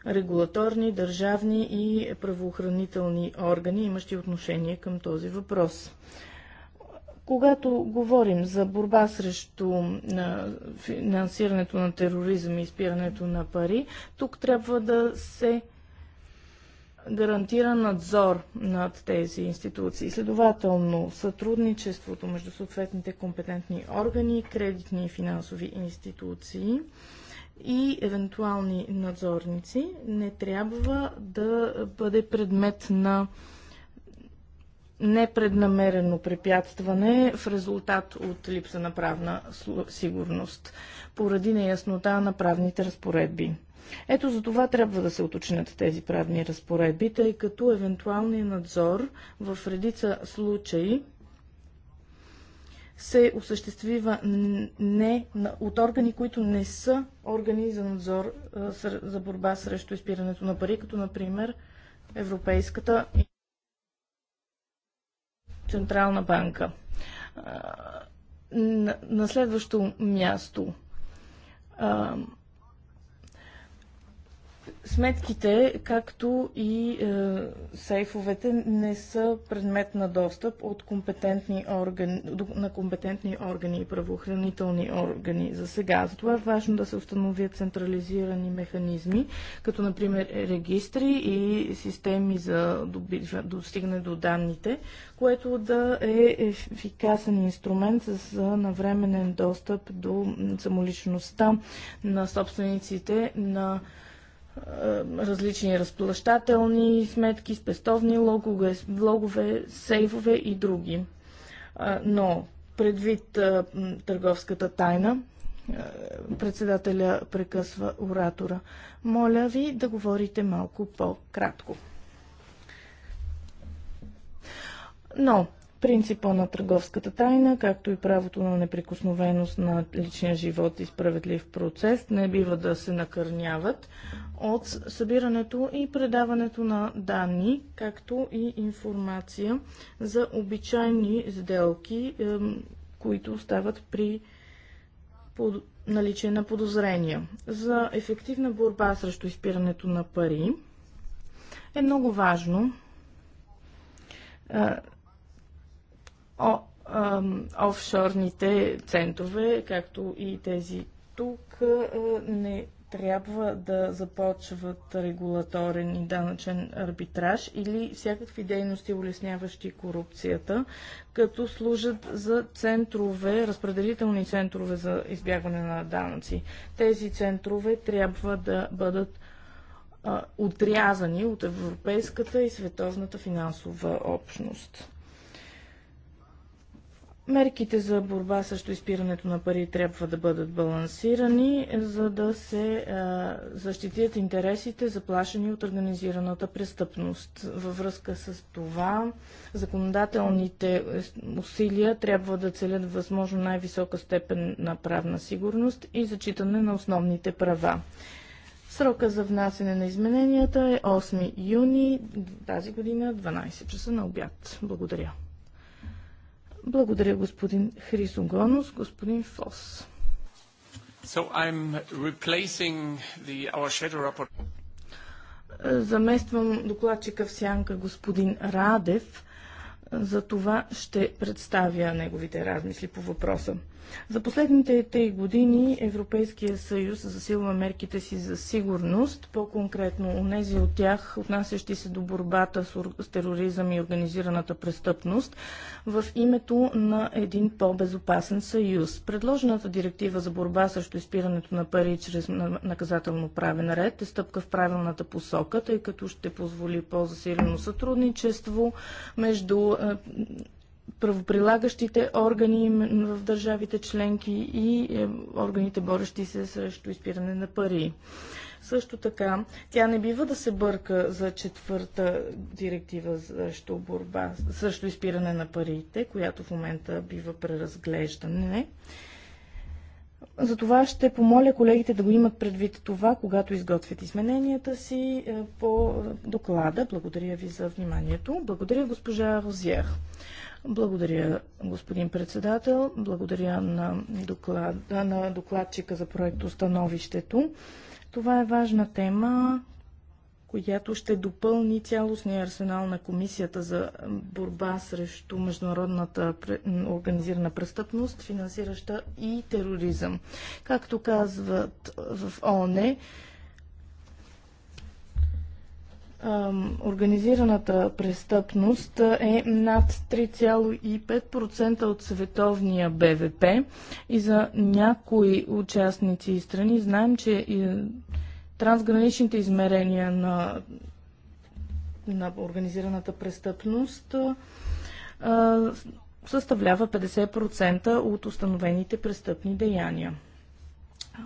регулаторни, държавни и правоохранителни органи, имащи отношение към този въпрос. Когато говорим за борба срещу финансирането на тероризъм и изпирането на пари, тук трябва да се гарантира надзор над тези институции. Следователно, сътрудничеството между съответните компетентни органи, кредитни и финансови институции и евентуални надзорници не трябва да бъде предмет на непреднамерено препятстване в резултат от липса на правна сигурност, поради неяснота на правните разпоредби. Ето за това трябва да се уточнят тези правни разпоредби, тъй като евентуалният надзор в редица случаи се осъществива не от органи, които не са органи за надзор за борба срещу изпирането на пари, като например Европейската Централна банка. На следващо място Сметките, както и е, сейфовете, не са предмет на достъп от компетентни органи, на компетентни органи и правоохранителни органи за сега. Затова е важно да се установят централизирани механизми, като например регистри и системи за достигане до данните, което да е ефикасен инструмент за навременен достъп до самоличността на собствениците на е, различни разплащателни сметки, спестовни логове, логове сейфове и други. Е, но предвид е, търговската тайна, председателя прекъсва оратора. Моля ви да говорите малко по-кратко. Но принципа на търговската тайна, както и правото на неприкосновеност на личния живот и справедлив процес не бива да се накърняват от събирането и предаването на данни, както и информация за обичайни сделки, които стават при наличие на подозрения. За ефективна борба срещу изпирането на пари е много важно е, офшорните центрове, както и тези тук, не трябва да започват регулаторен и данъчен арбитраж или всякакви дейности, улесняващи корупцията, като служат за центрове, разпределителни центрове за избягване на данъци. Тези центрове трябва да бъдат отрязани от европейската и световната финансова общност. Мерките за борба срещу изпирането на пари трябва да бъдат балансирани, за да се а, защитят интересите, заплашени от организираната престъпност. Във връзка с това, законодателните усилия трябва да целят възможно най-висока степен на правна сигурност и зачитане на основните права. Срока за внасене на измененията е 8 юни тази година, 12 часа на обяд. Благодаря. Благодаря, господин Хрисогонос. Господин Фос. So I'm replacing the, our shadow report. Замествам докладчика в сянка господин Радев. За това ще представя неговите размисли по въпроса. За последните три години Европейския съюз засилва мерките си за сигурност, по-конкретно нези от тях, отнасящи се до борбата с тероризъм и организираната престъпност, в името на един по-безопасен съюз. Предложената директива за борба срещу изпирането на пари чрез наказателно правен ред е стъпка в правилната посока, тъй като ще позволи по-засилено сътрудничество между е, правоприлагащите органи в държавите членки и е, органите борещи се срещу изпиране на пари. Също така, тя не бива да се бърка за четвърта директива срещу борба, срещу изпиране на парите, която в момента бива преразглеждане. Затова ще помоля колегите да го имат предвид това, когато изготвят измененията си е, по доклада. Благодаря ви за вниманието. Благодаря госпожа Розиях. Благодаря, господин председател. Благодаря на, доклад, на докладчика за проекто становището. Това е важна тема, която ще допълни цялостния арсенал на Комисията за борба срещу международната организирана престъпност, финансираща и тероризъм. Както казват в ОНЕ, организираната престъпност е над 3,5% от световния БВП и за някои участници и страни знаем, че е, трансграничните измерения на, на организираната престъпност а, е, съставлява 50% от установените престъпни деяния.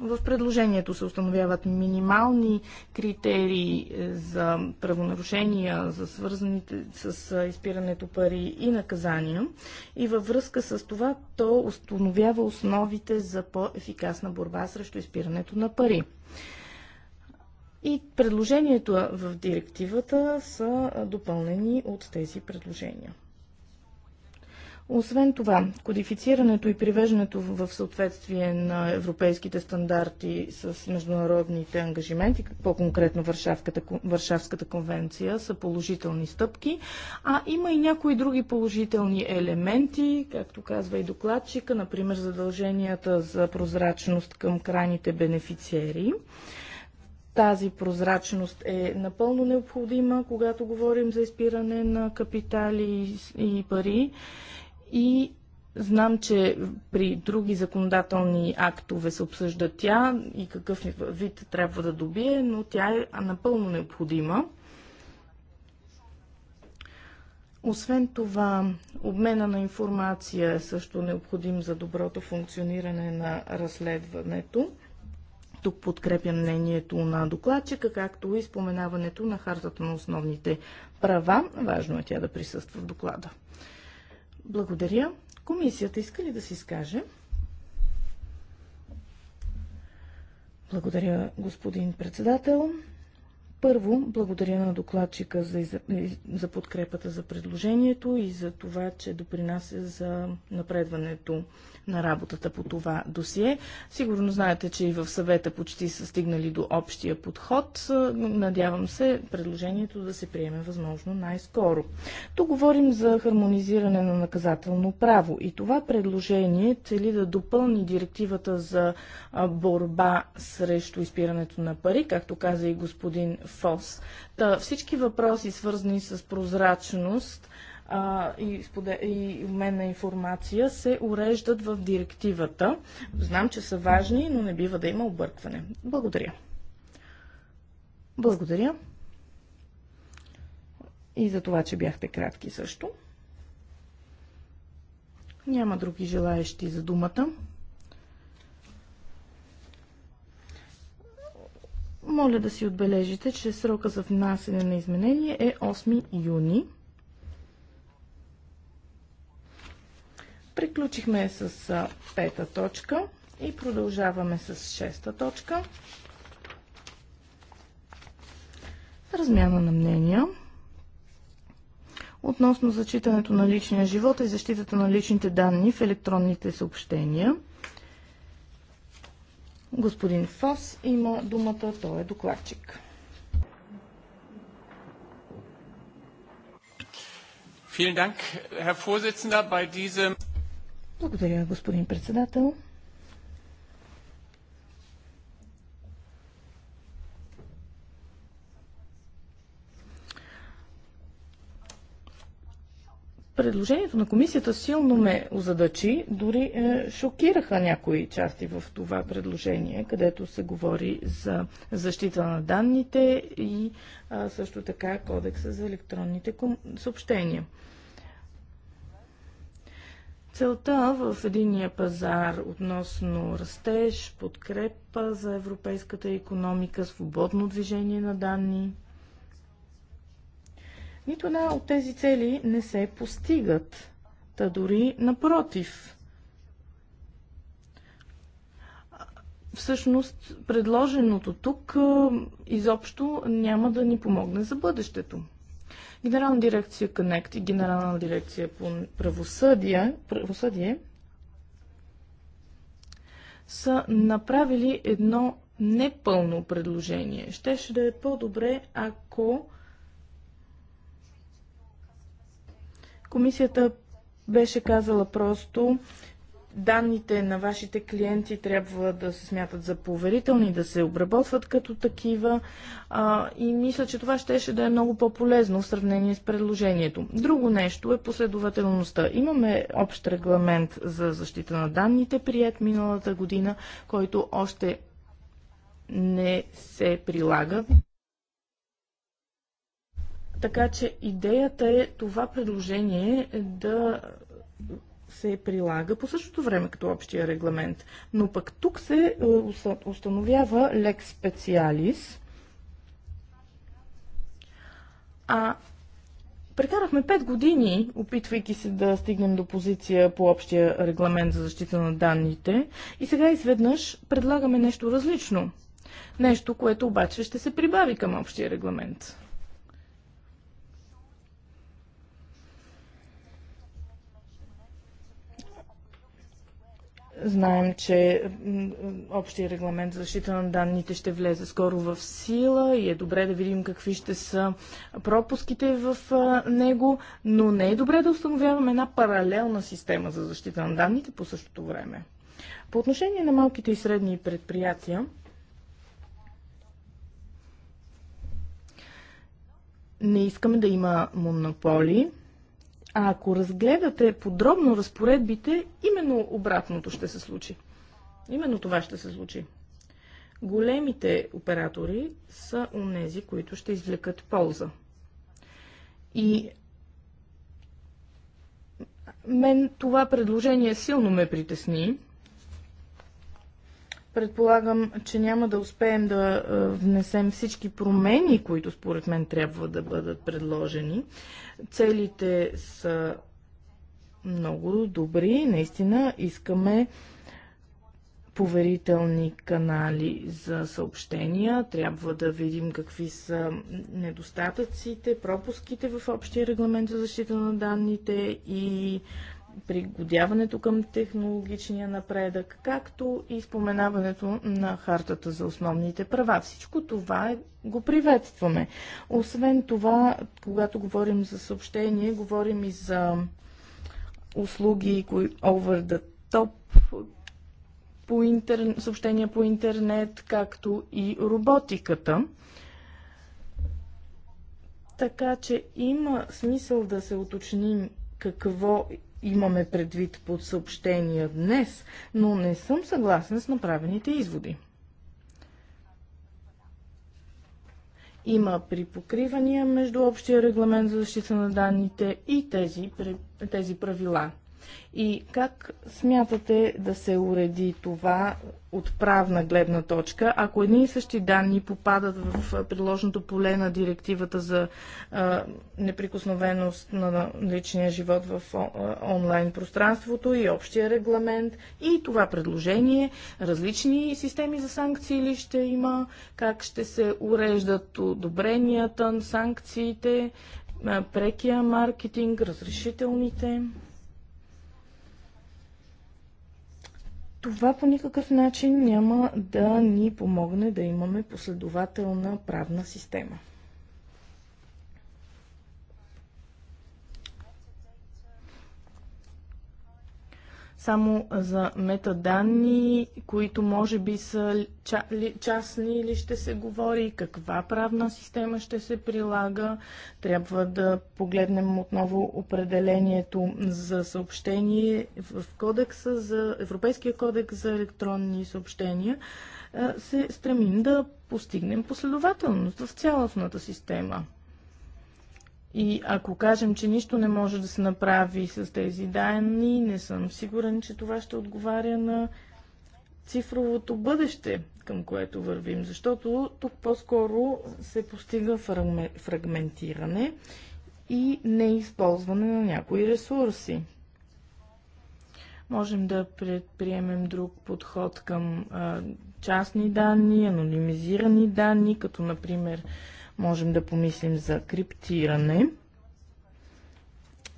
В предложението се установяват минимални критерии е, за правонарушения, за свързаните с е, изпирането пари и наказания. И във връзка с това то установява основите за по-ефикасна борба срещу изпирането на пари. И предложението в директивата са е, допълнени от тези предложения. Освен това, кодифицирането и привеждането в съответствие на европейските стандарти с международните ангажименти, по-конкретно Варшавската конвенция, са положителни стъпки, а има и някои други положителни елементи, както казва и докладчика, например задълженията за прозрачност към крайните бенефициери. Тази прозрачност е напълно необходима, когато говорим за изпиране на капитали и пари и знам, че при други законодателни актове се обсъжда тя и какъв вид трябва да добие, но тя е напълно необходима. Освен това, обмена на информация е също необходим за доброто функциониране на разследването. Тук подкрепя мнението на докладчика, както и споменаването на хартата на основните права. Важно е тя да присъства в доклада. Благодаря. Комисията иска ли да се изкаже? Благодаря, господин председател. Първо, благодаря на докладчика за, за подкрепата за предложението и за това, че допринася за напредването на работата по това досие. Сигурно знаете, че и в съвета почти са стигнали до общия подход. Надявам се предложението да се приеме възможно най-скоро. Тук говорим за хармонизиране на наказателно право и това предложение цели да допълни директивата за борба срещу изпирането на пари, както каза и господин ФОС. Та, всички въпроси, свързани с прозрачност а, и, споде... и обмен на информация, се уреждат в директивата. Знам, че са важни, но не бива да има объркване. Благодаря. Благодаря. И за това, че бяхте кратки също. Няма други желаещи за думата. Моля да си отбележите, че срока за внасене на изменение е 8 юни. Приключихме с пета точка и продължаваме с шеста точка. Размяна на мнения относно зачитането на личния живот и защитата на личните данни в електронните съобщения – Господин Фос има думата, той е докладчик. Благодаря, господин председател. Предложението на комисията силно ме озадачи, дори е, шокираха някои части в това предложение, където се говори за защита на данните и а, също така кодекса за електронните ком... съобщения. Целта в единия пазар относно растеж, подкрепа за европейската економика, свободно движение на данни – нито една от тези цели не се постигат. Та дори напротив. Всъщност, предложеното тук изобщо няма да ни помогне за бъдещето. Генерална дирекция Connect и Генерална дирекция по правосъдие, правосъдие са направили едно непълно предложение. Щеше да е по-добре, ако Комисията беше казала просто, данните на вашите клиенти трябва да се смятат за поверителни, да се обработват като такива а, и мисля, че това щеше да е много по-полезно в сравнение с предложението. Друго нещо е последователността. Имаме общ регламент за защита на данните, прият миналата година, който още не се прилага. Така че идеята е това предложение да се прилага по същото време като общия регламент. Но пък тук се е, установява лекс специалис. А Прекарахме 5 години, опитвайки се да стигнем до позиция по общия регламент за защита на данните и сега изведнъж предлагаме нещо различно. Нещо, което обаче ще се прибави към общия регламент. Знаем, че общия регламент за защита на данните ще влезе скоро в сила и е добре да видим какви ще са пропуските в него, но не е добре да установяваме една паралелна система за защита на данните по същото време. По отношение на малките и средни предприятия, не искаме да има монополи, а ако разгледате подробно разпоредбите, именно обратното ще се случи. Именно това ще се случи. Големите оператори са онези, които ще извлекат полза. И мен това предложение силно ме притесни, Предполагам, че няма да успеем да е, внесем всички промени, които според мен трябва да бъдат предложени. Целите са много добри. Наистина искаме поверителни канали за съобщения. Трябва да видим какви са недостатъците, пропуските в общия регламент за защита на данните и пригодяването към технологичния напредък, както и споменаването на хартата за основните права. Всичко това е, го приветстваме. Освен това, когато говорим за съобщение, говорим и за услуги кои, over the top, по интер... съобщения по интернет, както и роботиката. Така че има смисъл да се уточним какво имаме предвид под съобщения днес, но не съм съгласен с направените изводи. Има припокривания между общия регламент за защита на данните и тези, тези правила. И как смятате да се уреди това от правна гледна точка, ако едни и същи данни попадат в предложеното поле на директивата за а, неприкосновеност на личния живот в онлайн пространството и общия регламент и това предложение, различни системи за санкции ли ще има, как ще се уреждат одобренията, санкциите, прекия маркетинг, разрешителните? това по никакъв начин няма да ни помогне да имаме последователна правна система. само за метаданни, които може би са частни или ще се говори, каква правна система ще се прилага. Трябва да погледнем отново определението за съобщение в кодекса за Европейския кодекс за електронни съобщения. Е, се стремим да постигнем последователност в цялостната система. И ако кажем, че нищо не може да се направи с тези данни, не съм сигурен, че това ще отговаря на цифровото бъдеще, към което вървим, защото тук по-скоро се постига фрагментиране и неизползване на някои ресурси. Можем да предприемем друг подход към а, частни данни, анонимизирани данни, като например Можем да помислим за криптиране.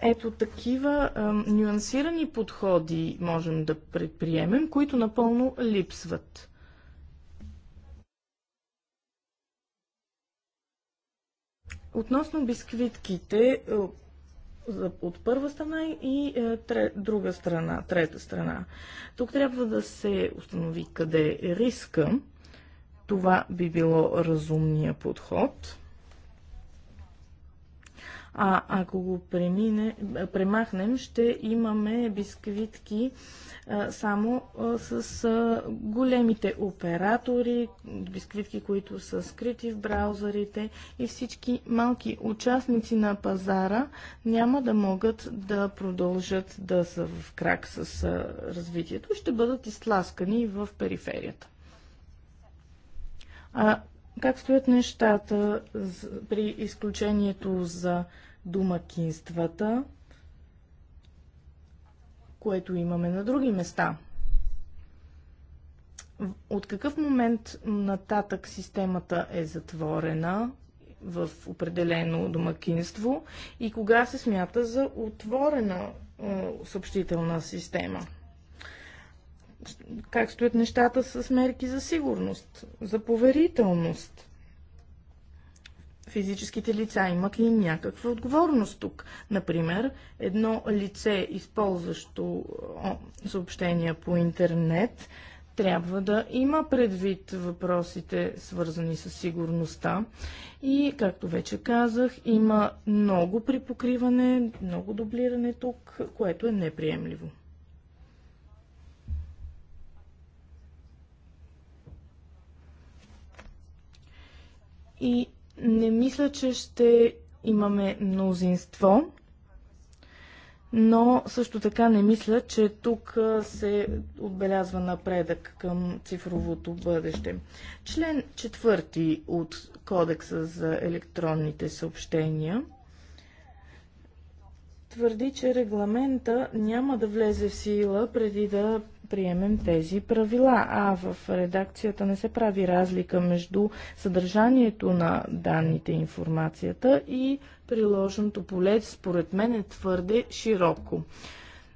Ето такива а, нюансирани подходи можем да предприемем, които напълно липсват. Относно бисквитките е, от първа страна и е, тре, друга страна, трета страна. Тук трябва да се установи къде е риска. Това би било разумния подход. А ако го премине, премахнем, ще имаме бисквитки само с големите оператори, бисквитки, които са скрити в браузърите и всички малки участници на пазара няма да могат да продължат да са в крак с развитието, ще бъдат изтласкани в периферията. А как стоят нещата при изключението за домакинствата, което имаме на други места? От какъв момент нататък системата е затворена в определено домакинство и кога се смята за отворена съобщителна система? как стоят нещата с мерки за сигурност, за поверителност. Физическите лица имат ли някаква отговорност тук? Например, едно лице, използващо съобщения по интернет, трябва да има предвид въпросите, свързани с сигурността. И, както вече казах, има много припокриване, много дублиране тук, което е неприемливо. и не мисля, че ще имаме мнозинство, но също така не мисля, че тук се отбелязва напредък към цифровото бъдеще. Член четвърти от Кодекса за електронните съобщения – твърди, че регламента няма да влезе в сила преди да приемем тези правила. А в редакцията не се прави разлика между съдържанието на данните и информацията и приложеното поле, според мен, е твърде широко.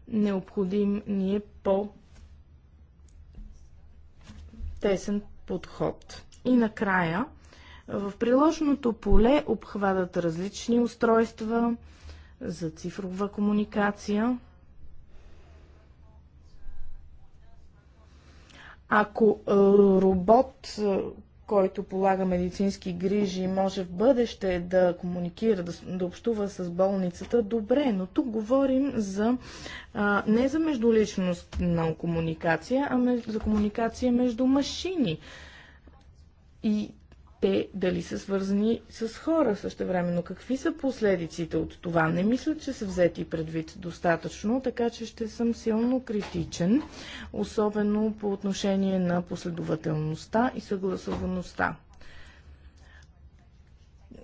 Необходим ни е по-тесен подход. И накрая, в приложеното поле обхвадат различни устройства, за цифрова комуникация. Ако е, робот, е, който полага медицински грижи, може в бъдеще да комуникира, да, да общува с болницата, добре, но тук говорим за не за междуличностна комуникация, а ами за комуникация между машини. И те дали са свързани с хора също времено. Какви са последиците от това? Не мисля, че са взети предвид достатъчно, така че ще съм силно критичен, особено по отношение на последователността и съгласуваността.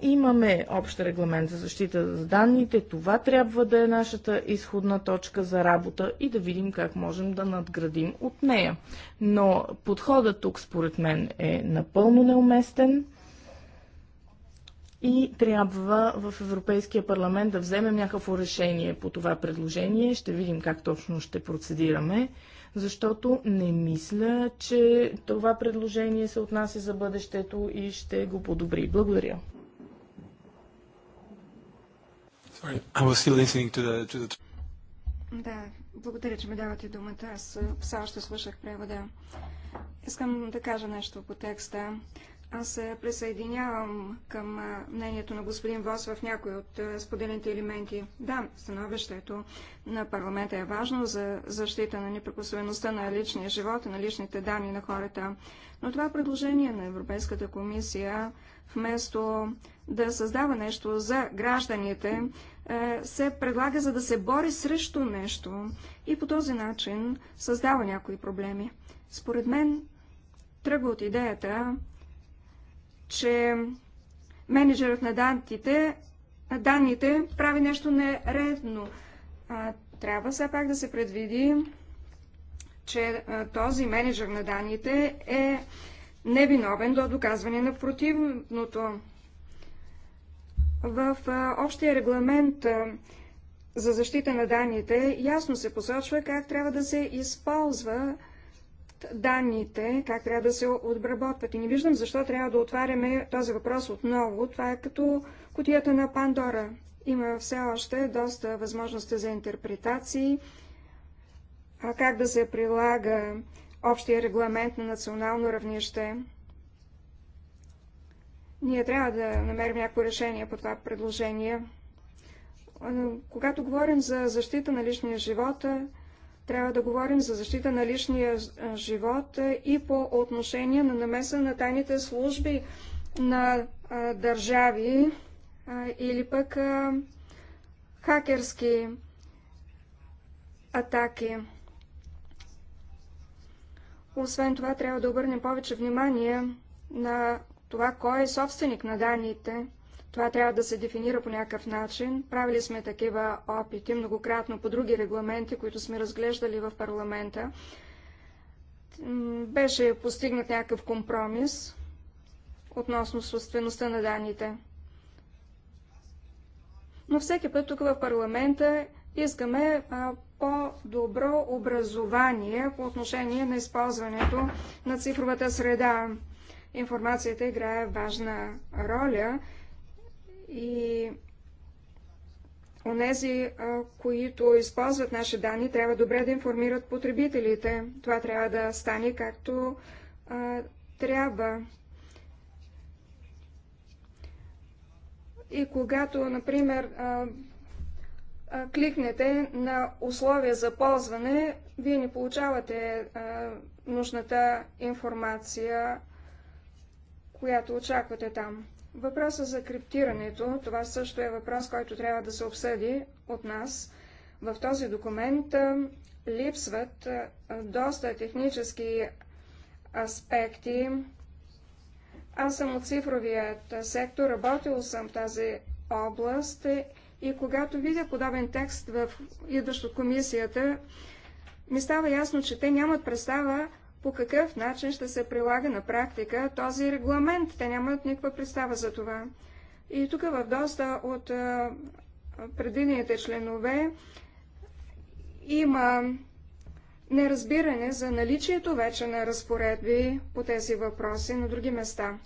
Имаме общ регламент за защита за данните. Това трябва да е нашата изходна точка за работа и да видим как можем да надградим от нея. Но подходът тук, според мен, е напълно неуместен и трябва в Европейския парламент да вземем някакво решение по това предложение. Ще видим как точно ще процедираме, защото не мисля, че това предложение се отнася за бъдещето и ще го подобри. Благодаря. Sorry, I was still listening to the, to the... Да, благодаря, че ми давате думата. Аз все още слушах превода. Искам да кажа нещо по текста. Аз се присъединявам към мнението на господин Вос в някои от споделените елементи. Да, становището на парламента е важно за защита на неприкосновеността на личния живот и на личните данни на хората. Но това предложение на Европейската комисия вместо да създава нещо за гражданите, е, се предлага за да се бори срещу нещо и по този начин създава някои проблеми. Според мен тръгва от идеята, че менеджерът на данните, данните прави нещо нередно. трябва все пак да се предвиди, че този менеджер на данните е невиновен до доказване на противното. В общия регламент за защита на данните ясно се посочва как трябва да се използва данните, как трябва да се обработват. И не виждам защо трябва да отваряме този въпрос отново. Това е като кутията на Пандора. Има все още доста възможности за интерпретации, а как да се прилага общия регламент на национално равнище. Ние трябва да намерим някакво решение по това предложение. Когато говорим за защита на личния живот, трябва да говорим за защита на личния живот и по отношение на намеса на тайните служби на държави или пък хакерски атаки. Освен това, трябва да обърнем повече внимание на това, кой е собственик на данните. Това трябва да се дефинира по някакъв начин. Правили сме такива опити многократно по други регламенти, които сме разглеждали в парламента. Беше постигнат някакъв компромис относно собствеността на данните. Но всеки път тук в парламента искаме по-добро образование по отношение на използването на цифровата среда. Информацията играе важна роля и Онези, които използват наши данни, трябва добре да информират потребителите. Това трябва да стане както а, трябва. И когато, например, а, кликнете на условия за ползване, вие не получавате а, нужната информация, която очаквате там. Въпросът за криптирането, това също е въпрос, който трябва да се обсъди от нас. В този документ а, липсват а, доста технически аспекти. Аз съм от цифровият сектор, работил съм в тази област и когато видя подобен текст, в... идващ от комисията, ми става ясно, че те нямат представа по какъв начин ще се прилага на практика този регламент. Те нямат никаква представа за това. И тук в доста от а, предвидените членове има неразбиране за наличието вече на разпоредби по тези въпроси на други места.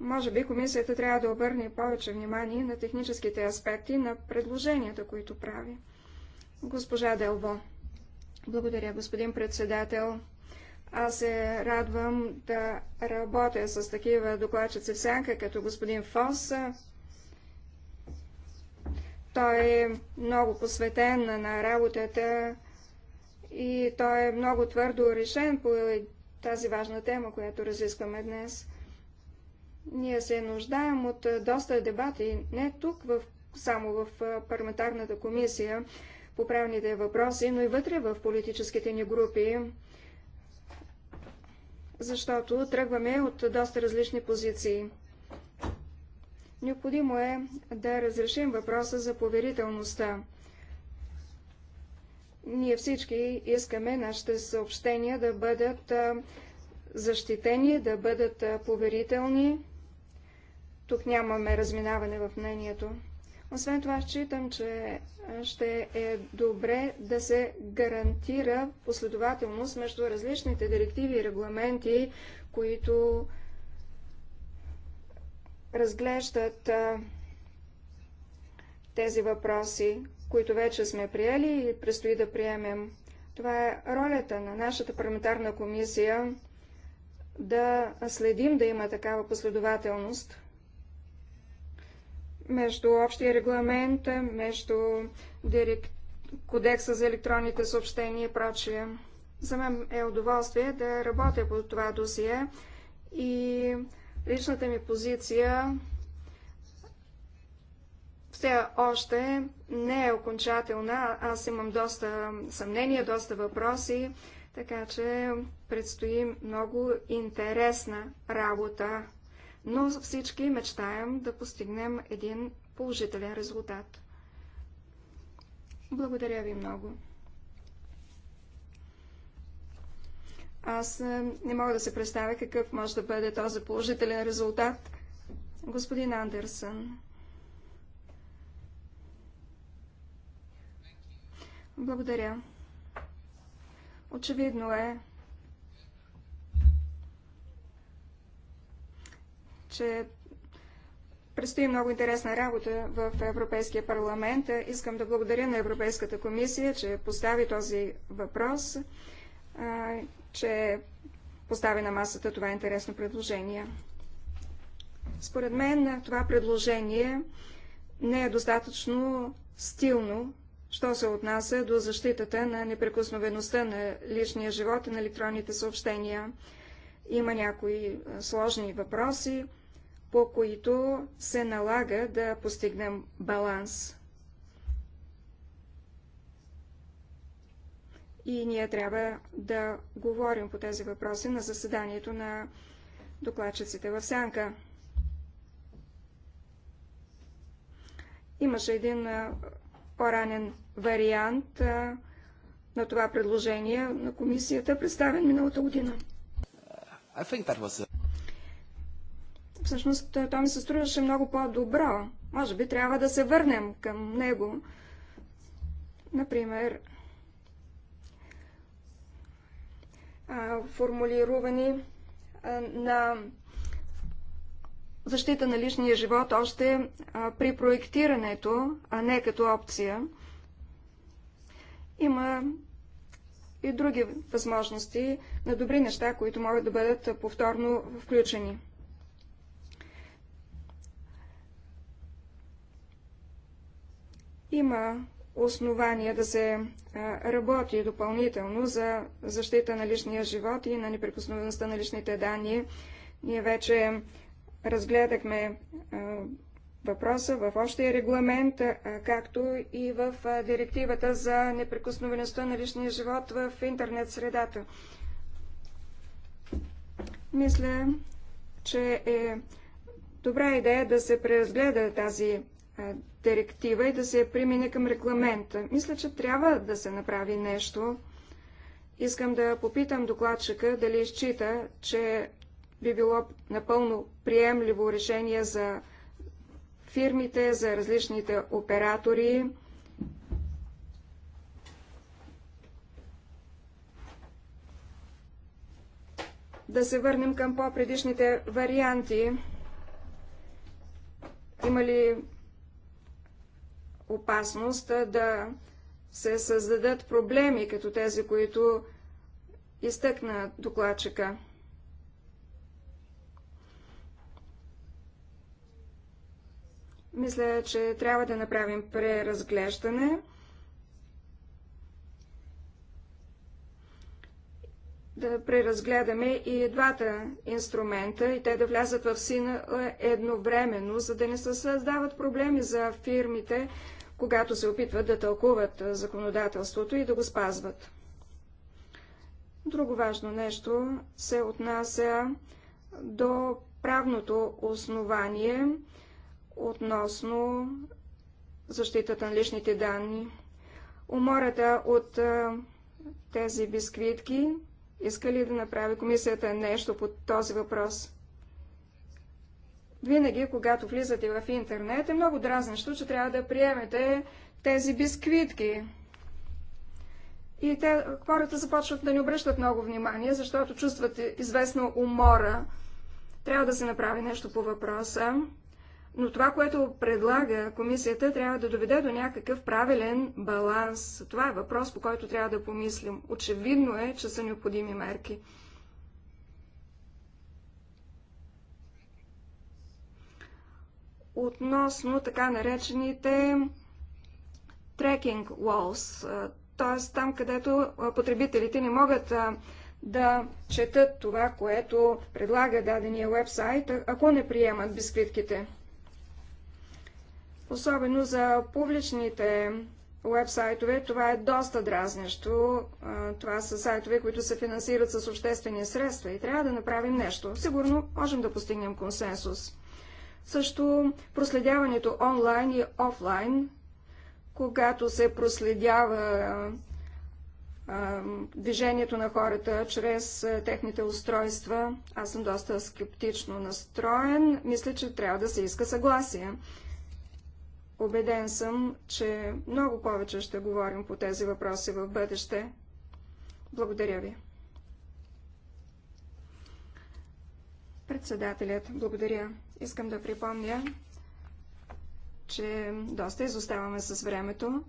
Може би комисията трябва да обърне повече внимание на техническите аспекти на предложенията, които прави. Госпожа Делбо. Благодаря, господин председател. Аз се радвам да работя с такива докладчици в сянка, като господин Фос. Той е много посветен на работата и той е много твърдо решен по тази важна тема, която разискваме днес. Ние се нуждаем от доста дебати, не тук, в, само в парламентарната комисия по правните въпроси, но и вътре в политическите ни групи, защото тръгваме от доста различни позиции. Необходимо е да разрешим въпроса за поверителността. Ние всички искаме нашите съобщения да бъдат защитени, да бъдат поверителни. Тук нямаме разминаване в мнението. Освен това, считам, че ще е добре да се гарантира последователност между различните директиви и регламенти, които разглеждат тези въпроси, които вече сме приели и предстои да приемем. Това е ролята на нашата парламентарна комисия да следим да има такава последователност между общия регламент, между директ... кодекса за електронните съобщения и прочие. За мен е удоволствие да работя по това досие и личната ми позиция все още не е окончателна. Аз имам доста съмнения, доста въпроси. Така че предстои много интересна работа, но всички мечтаем да постигнем един положителен резултат. Благодаря ви много. Аз е, не мога да се представя какъв може да бъде този положителен резултат. Господин Андерсън. Благодаря. Очевидно е, че предстои много интересна работа в Европейския парламент. Искам да благодаря на Европейската комисия, че постави този въпрос, че постави на масата това интересно предложение. Според мен това предложение не е достатъчно стилно що се отнася до защитата на неприкосновеността на личния живот и на електронните съобщения. Има някои е, сложни въпроси, по които се налага да постигнем баланс. И ние трябва да говорим по тези въпроси на заседанието на докладчиците в Сянка. Имаше един е, по-ранен вариант а, на това предложение на комисията, представен миналата година. A... Всъщност, то ми се струваше много по-добро. Може би трябва да се върнем към него. Например, формулировани на защита на личния живот още при проектирането, а не като опция. Има и други възможности на добри неща, които могат да бъдат повторно включени. Има основания да се работи допълнително за защита на личния живот и на неприкосновеността на личните данни. Ние вече разгледахме въпроса в общия регламент, както и в директивата за неприкосновеността на личния живот в интернет средата. Мисля, че е добра идея да се преразгледа тази директива и да се примине към регламента. Мисля, че трябва да се направи нещо. Искам да попитам докладчика дали изчита, че би било напълно приемливо решение за фирмите, за различните оператори. Да се върнем към по-предишните варианти. Има ли опасност да се създадат проблеми, като тези, които изтъкна докладчика? Мисля, че трябва да направим преразглеждане. да преразгледаме и двата инструмента и те да влязат в сина е, едновременно, за да не се създават проблеми за фирмите, когато се опитват да тълкуват е, законодателството и да го спазват. Друго важно нещо се отнася до правното основание относно защитата на личните данни. Умората от а, тези бисквитки. Иска ли да направи комисията нещо по този въпрос? Винаги, когато влизате в интернет, е много дразнещо, че трябва да приемете тези бисквитки. И те, хората започват да не обръщат много внимание, защото чувстват известно умора. Трябва да се направи нещо по въпроса. Но това, което предлага комисията, трябва да доведе до някакъв правилен баланс. Това е въпрос, по който трябва да помислим. Очевидно е, че са необходими мерки. Относно така наречените трекинг walls, т.е. там, където потребителите не могат да четат това, което предлага дадения вебсайт, ако не приемат бисквитките. Особено за публичните вебсайтове това е доста дразнещо. Това са сайтове, които се финансират с обществени средства и трябва да направим нещо. Сигурно можем да постигнем консенсус. Също проследяването онлайн и офлайн, когато се проследява движението на хората чрез техните устройства. Аз съм доста скептично настроен. Мисля, че трябва да се иска съгласие Обеден съм, че много повече ще говорим по тези въпроси в бъдеще. Благодаря ви. Председателят, благодаря. Искам да припомня, че доста изоставаме с времето.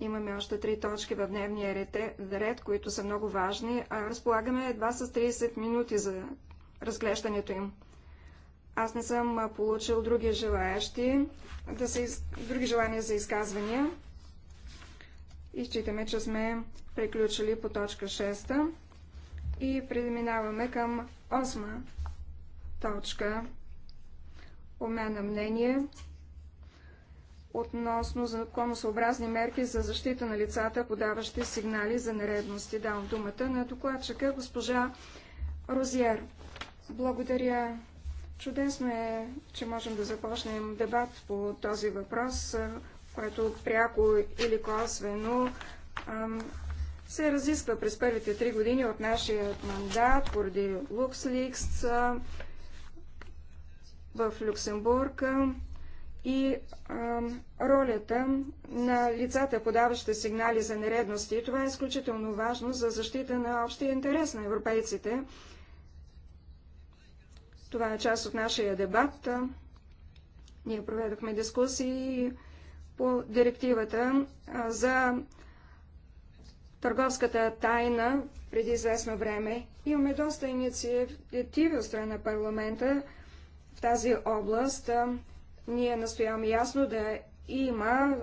Имаме още три точки в дневния ред, които са много важни, а разполагаме едва с 30 минути за разглеждането им. Аз не съм получил други желаящи, да се, из... други желания за изказвания. И считаме, че сме приключили по точка 6 и преминаваме към 8 точка. Умяна мнение относно законосъобразни мерки за защита на лицата, подаващи сигнали за нередности. Давам думата на докладчика госпожа Розиер. Благодаря, Чудесно е, че можем да започнем дебат по този въпрос, който пряко или косвено се разисква през първите три години от нашия мандат поради LuxLeaks в Люксембург и ролята на лицата, подаващи сигнали за нередности. Това е изключително важно за защита на общия интерес на европейците това е част от нашия дебат. Ние проведохме дискусии по директивата за търговската тайна преди известно време. Имаме доста инициативи от страна на парламента в тази област. Ние настояваме ясно да има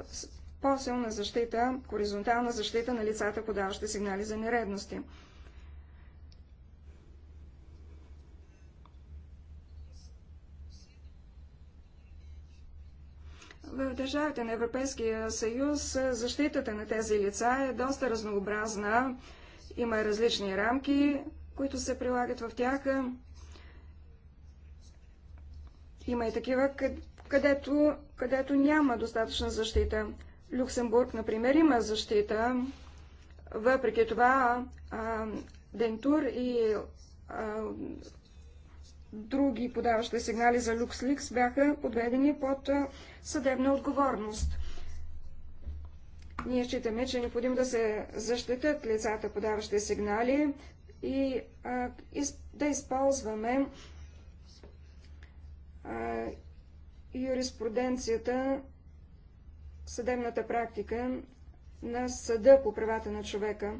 по-силна защита, хоризонтална защита на лицата, подаващи сигнали за нередности. в държавите на Европейския съюз е, защитата на тези лица е доста разнообразна. Има различни рамки, които се прилагат в тях. Има и такива, където, където няма достатъчна защита. Люксембург, например, има защита. Въпреки това, Дентур и а, други подаващи сигнали за LuxLeaks бяха подведени под съдебна отговорност. Ние считаме, че е необходимо да се защитят лицата, подаващи сигнали и, а, из, да използваме а, юриспруденцията, съдебната практика на съда по правата на човека.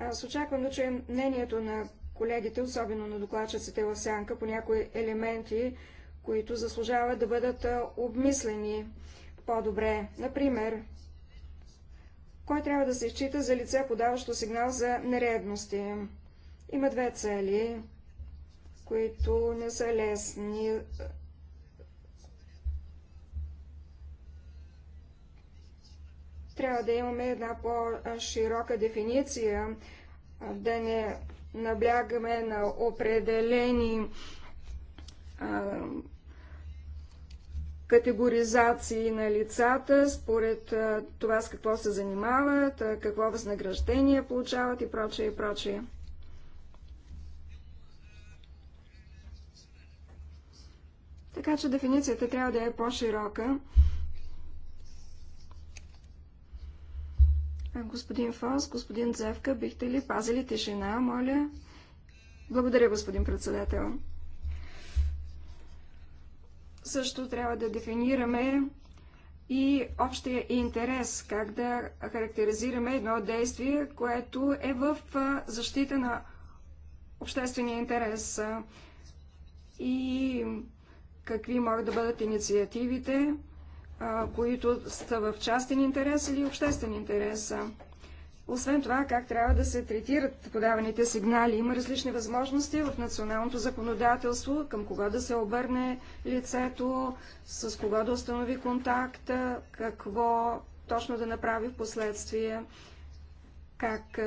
Аз очаквам да чуем мнението на колегите, особено на докладчиците в сянка, по някои елементи, които заслужават да бъдат обмислени по-добре. Например, кой трябва да се счита за лице, подаващо сигнал за нередности? Има две цели, които не са лесни. Трябва да имаме една по-широка дефиниция, да не наблягаме на определени а, категоризации на лицата, според а, това с какво се занимават, а, какво възнаграждение получават и прочее и прочее. Така че дефиницията трябва да е по-широка. Господин Фос, господин Дзевка, бихте ли пазили тишина, моля? Благодаря, господин председател. Също трябва да дефинираме и общия интерес, как да характеризираме едно действие, което е в защита на обществения интерес и какви могат да бъдат инициативите, които са в частен интерес или обществен интерес. Освен това, как трябва да се третират подаваните сигнали. Има различни възможности в националното законодателство, към кога да се обърне лицето, с кого да установи контакта, какво точно да направи в последствие, как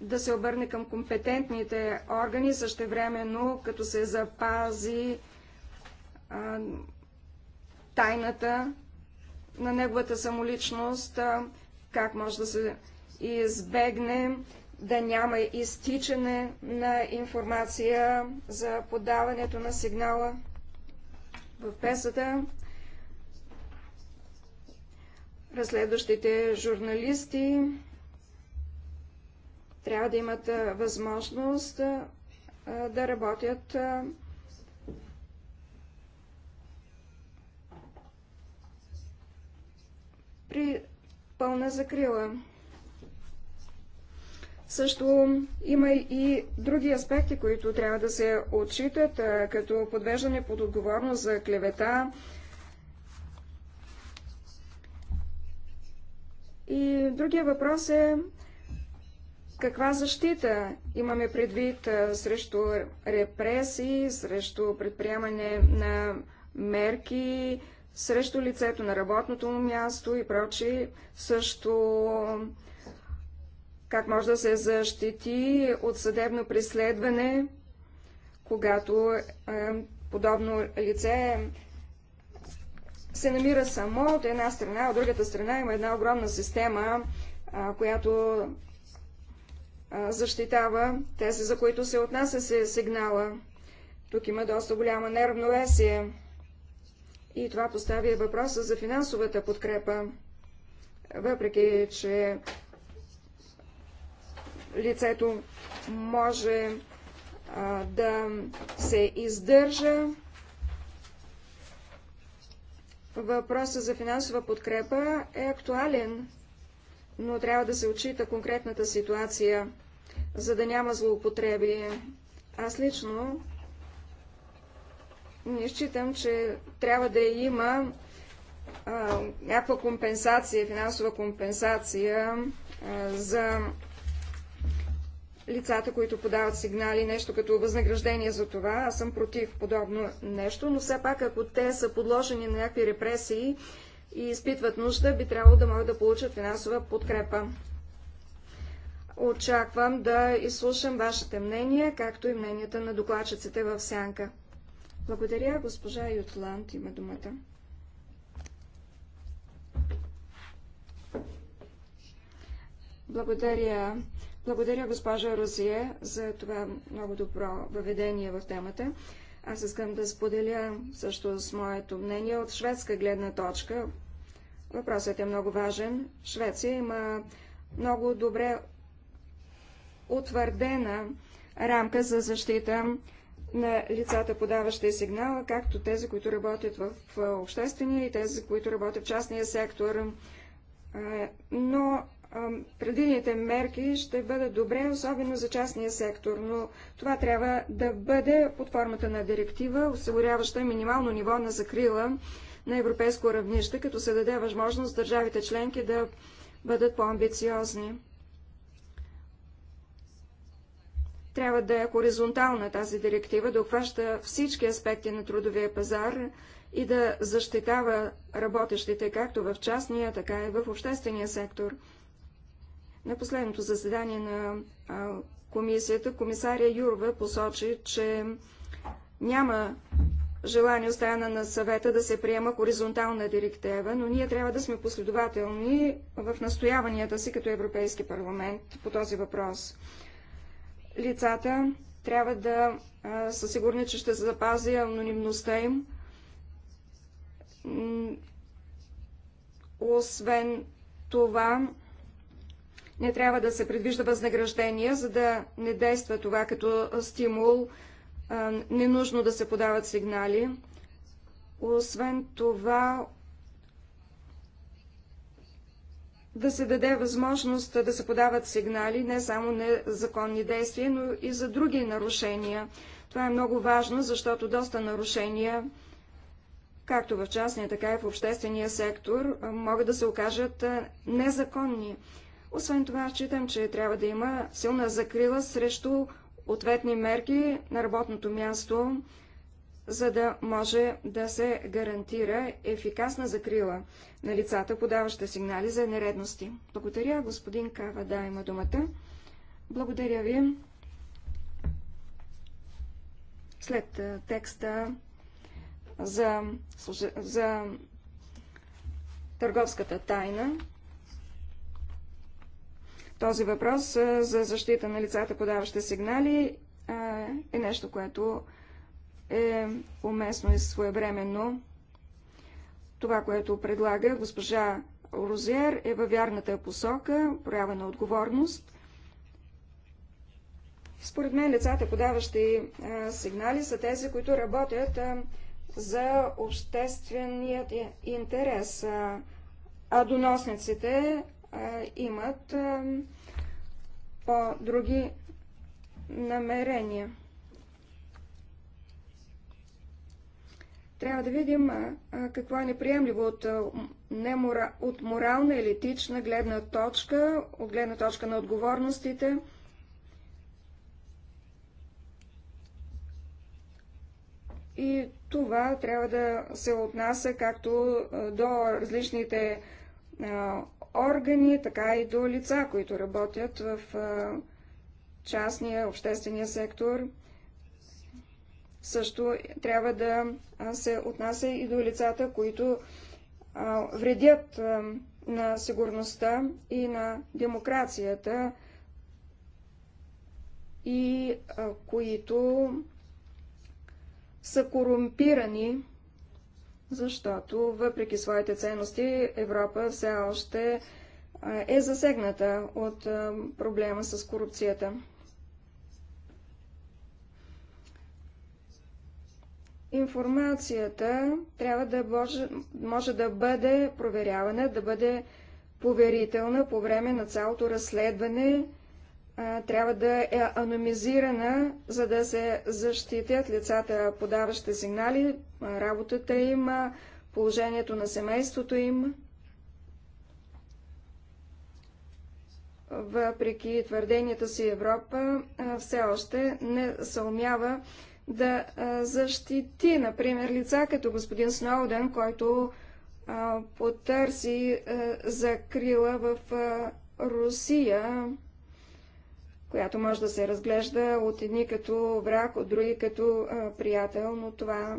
да се обърне към компетентните органи, същевременно като се запази тайната на неговата самоличност, как може да се избегне да няма изтичане на информация за подаването на сигнала в песата. Разследващите журналисти трябва да имат възможност да работят при пълна закрила. Също има и други аспекти, които трябва да се отчитат, като подвеждане под отговорност за клевета и другия въпрос е каква защита имаме предвид срещу репресии, срещу предприемане на мерки срещу лицето на работното място и прочи, също как може да се защити от съдебно преследване, когато е, подобно лице се намира само от една страна, от другата страна има една огромна система, а, е, която а, е, защитава тези, за които се отнася се сигнала. Тук има доста голяма неравновесие. И това поставя въпроса за финансовата подкрепа, въпреки че лицето може а, да се издържа. Въпросът за финансова подкрепа е актуален, но трябва да се отчита конкретната ситуация, за да няма злоупотреби. Аз лично не считам, че трябва да има а, някаква компенсация, финансова компенсация а, за лицата, които подават сигнали, нещо като възнаграждение за това. Аз съм против подобно нещо, но все пак, ако те са подложени на някакви репресии и изпитват нужда, би трябвало да могат да получат финансова подкрепа. Очаквам да изслушам вашите мнения, както и мненията на докладчиците в Сянка. Благодаря, госпожа Ютланд има думата. Благодаря, благодаря госпожа Розия за това много добро въведение в темата. Аз искам да споделя също с моето мнение от шведска гледна точка. Въпросът е много важен. Швеция има много добре утвърдена рамка за защита на лицата, подаващи сигнала, както тези, които работят в обществения и тези, които работят в частния сектор. Но предвидените мерки ще бъдат добре, особено за частния сектор, но това трябва да бъде под формата на директива, осигуряваща минимално ниво на закрила на европейско равнище, като се даде възможност държавите членки да бъдат по-амбициозни. Трябва да е хоризонтална тази директива, да обхваща всички аспекти на трудовия пазар и да защитава работещите както в частния, така и в обществения сектор. На последното заседание на комисията комисаря Юрва посочи, че няма желание от страна на съвета да се приема хоризонтална директива, но ние трябва да сме последователни в настояванията си като Европейски парламент по този въпрос лицата трябва да са сигурни, че ще се запази анонимността им. Освен това, не трябва да се предвижда възнаграждение, за да не действа това като стимул, ненужно да се подават сигнали. Освен това, да се даде възможност да се подават сигнали не само незаконни действия, но и за други нарушения. Това е много важно, защото доста нарушения, както в частния, така и в обществения сектор, могат да се окажат незаконни. Освен това, считам, че трябва да има силна закрила срещу ответни мерки на работното място, за да може да се гарантира ефикасна закрила на лицата, подаваща сигнали за нередности. Благодаря, господин Кава, да има думата. Благодаря ви. След текста за, за търговската тайна, този въпрос за защита на лицата, подаващи сигнали, е нещо, което е уместно и своевременно. Това, което предлага госпожа Розер, е във вярната посока, проява на отговорност. Според мен лицата, подаващи е, сигнали, са тези, които работят е, за общественият интерес, е, а доносниците имат по-други намерения. Трябва да видим какво е неприемливо от, не мора, от морална или етична гледна точка, от гледна точка на отговорностите. И това трябва да се отнася както до различните а, органи, така и до лица, които работят в а, частния, обществения сектор също трябва да се отнася и до лицата, които вредят на сигурността и на демокрацията и които са корумпирани, защото въпреки своите ценности Европа все още е засегната от проблема с корупцията. информацията трябва да може, може да бъде проверявана, да бъде поверителна по време на цялото разследване, трябва да е аномизирана, за да се защитят лицата, подаващи сигнали, работата им, положението на семейството им. Въпреки твърденията си Европа все още не съумява да защити, например, лица като господин Сноуден, който а, потърси а, закрила в а, Русия, която може да се разглежда от едни като враг, от други като а, приятел, но това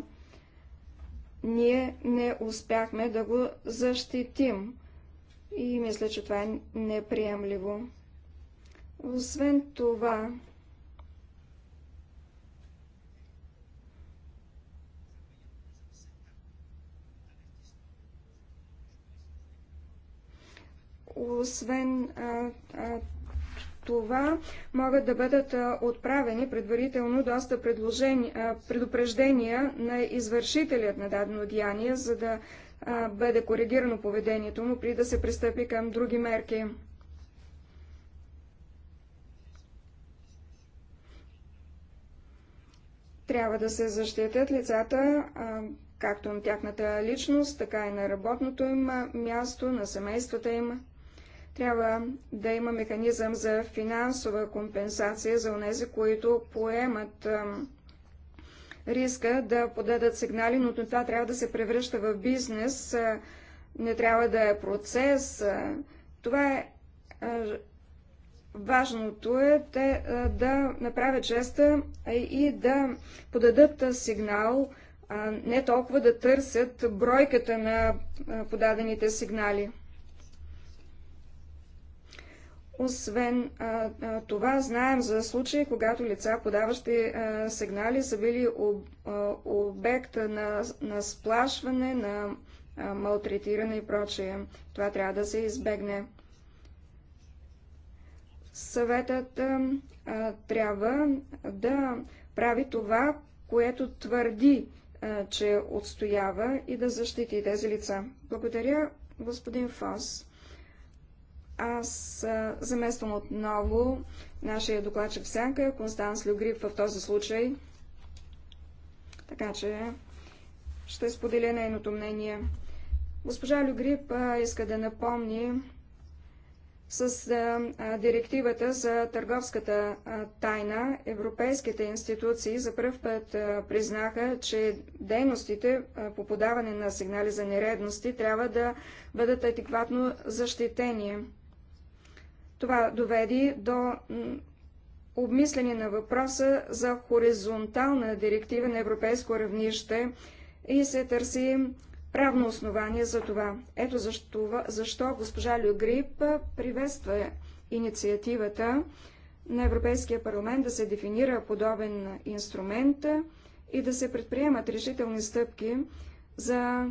ние не успяхме да го защитим. И мисля, че това е неприемливо. Освен това, Освен това, могат да бъдат отправени предварително доста предупреждения на извършителят на дадено деяние, за да бъде коригирано поведението му, при да се пристъпи към други мерки. Трябва да се защитят лицата, както на тяхната личност, така и на работното им място, на семействата им. Трябва да има механизъм за финансова компенсация за унези, които поемат риска да подадат сигнали, но това трябва да се превръща в бизнес, не трябва да е процес. Това е Важното е те да направят жеста и да подадат сигнал, не толкова да търсят бройката на подадените сигнали. Освен а, а, това, знаем за случаи, когато лица, подаващи а, сигнали, са били об, а, обект на, на сплашване, на а, малтретиране и прочее. Това трябва да се избегне. Съветът а, а, трябва да прави това, което твърди, а, че отстоява и да защити тези лица. Благодаря, господин Фос. Аз замествам отново нашия докладчик в сянка, Констанс Люгрип в този случай. Така че ще споделя нейното мнение. Госпожа Люгрип иска да напомни с директивата за търговската тайна европейските институции за първ път признаха, че дейностите по подаване на сигнали за нередности трябва да бъдат адекватно защитени. Това доведе до обмислене на въпроса за хоризонтална директива на европейско равнище и се търси правно основание за това. Ето защо, защо госпожа Люгрип приветства инициативата на Европейския парламент да се дефинира подобен инструмент и да се предприемат решителни стъпки за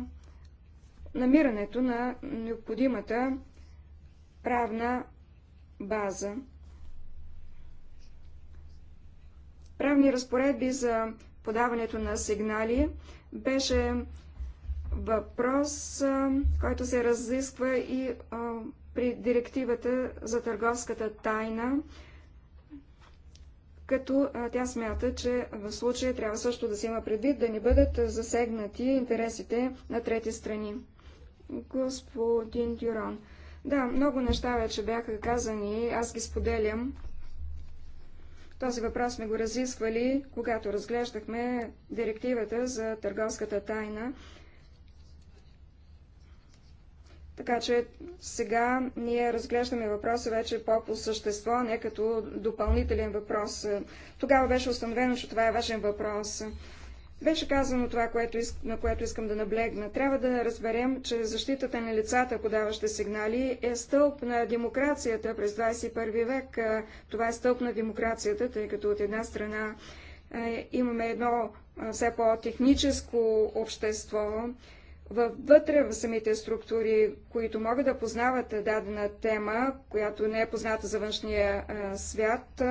намирането на необходимата правна база. Правни разпоредби за подаването на сигнали беше въпрос, който се разисква и при директивата за търговската тайна, като тя смята, че в случая трябва също да се има предвид да не бъдат засегнати интересите на трети страни. Господин Дюрон, да, много неща вече бяха казани, аз ги споделям. Този въпрос сме го разисквали, когато разглеждахме директивата за търговската тайна. Така че сега ние разглеждаме въпроса вече по-по същество, не като допълнителен въпрос. Тогава беше установено, че това е важен въпрос. Беше казано това, което, на което искам да наблегна. Трябва да разберем, че защитата на лицата, подаващи сигнали, е стълб на демокрацията през 21 век. Това е стълб на демокрацията, тъй като от една страна имаме едно все по-техническо общество, вътре в самите структури, които могат да познават дадена тема, която не е позната за външния свят,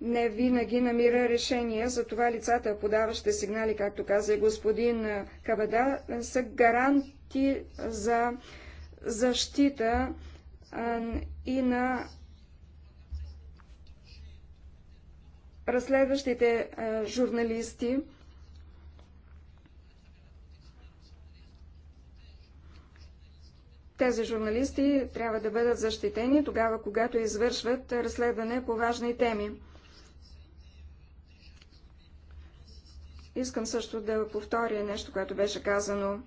не винаги намира решение, затова лицата, подаващи сигнали, както каза и господин Кабада, са гаранти за защита и на разследващите журналисти. Тези журналисти трябва да бъдат защитени тогава, когато извършват разследване по важни теми. Искам също да повторя нещо, което беше казано.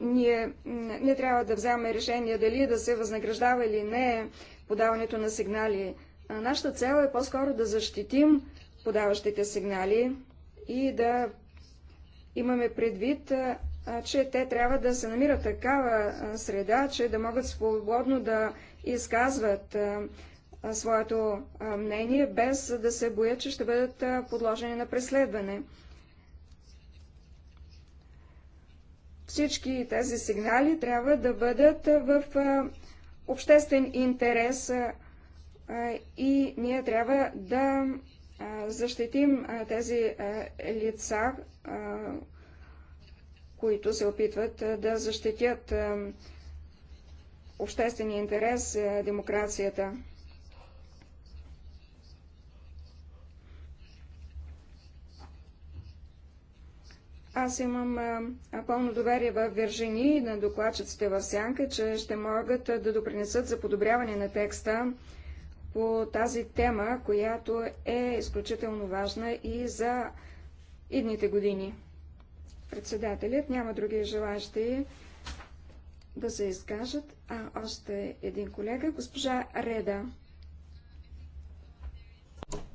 Ние не трябва да вземаме решение дали да се възнаграждава или не подаването на сигнали. нашата цел е по-скоро да защитим подаващите сигнали и да имаме предвид, че те трябва да се намират такава среда, че да могат свободно да изказват своето мнение, без да се боят, че ще бъдат подложени на преследване. Всички тези сигнали трябва да бъдат в обществен интерес и ние трябва да защитим тези лица, които се опитват да защитят обществения интерес, демокрацията. Аз имам а, пълно доверие в Виржини и на докладчиците в Сянка, че ще могат да допринесат за подобряване на текста по тази тема, която е изключително важна и за идните години. Председателят няма други желащи да се изкажат. А още един колега, госпожа Реда.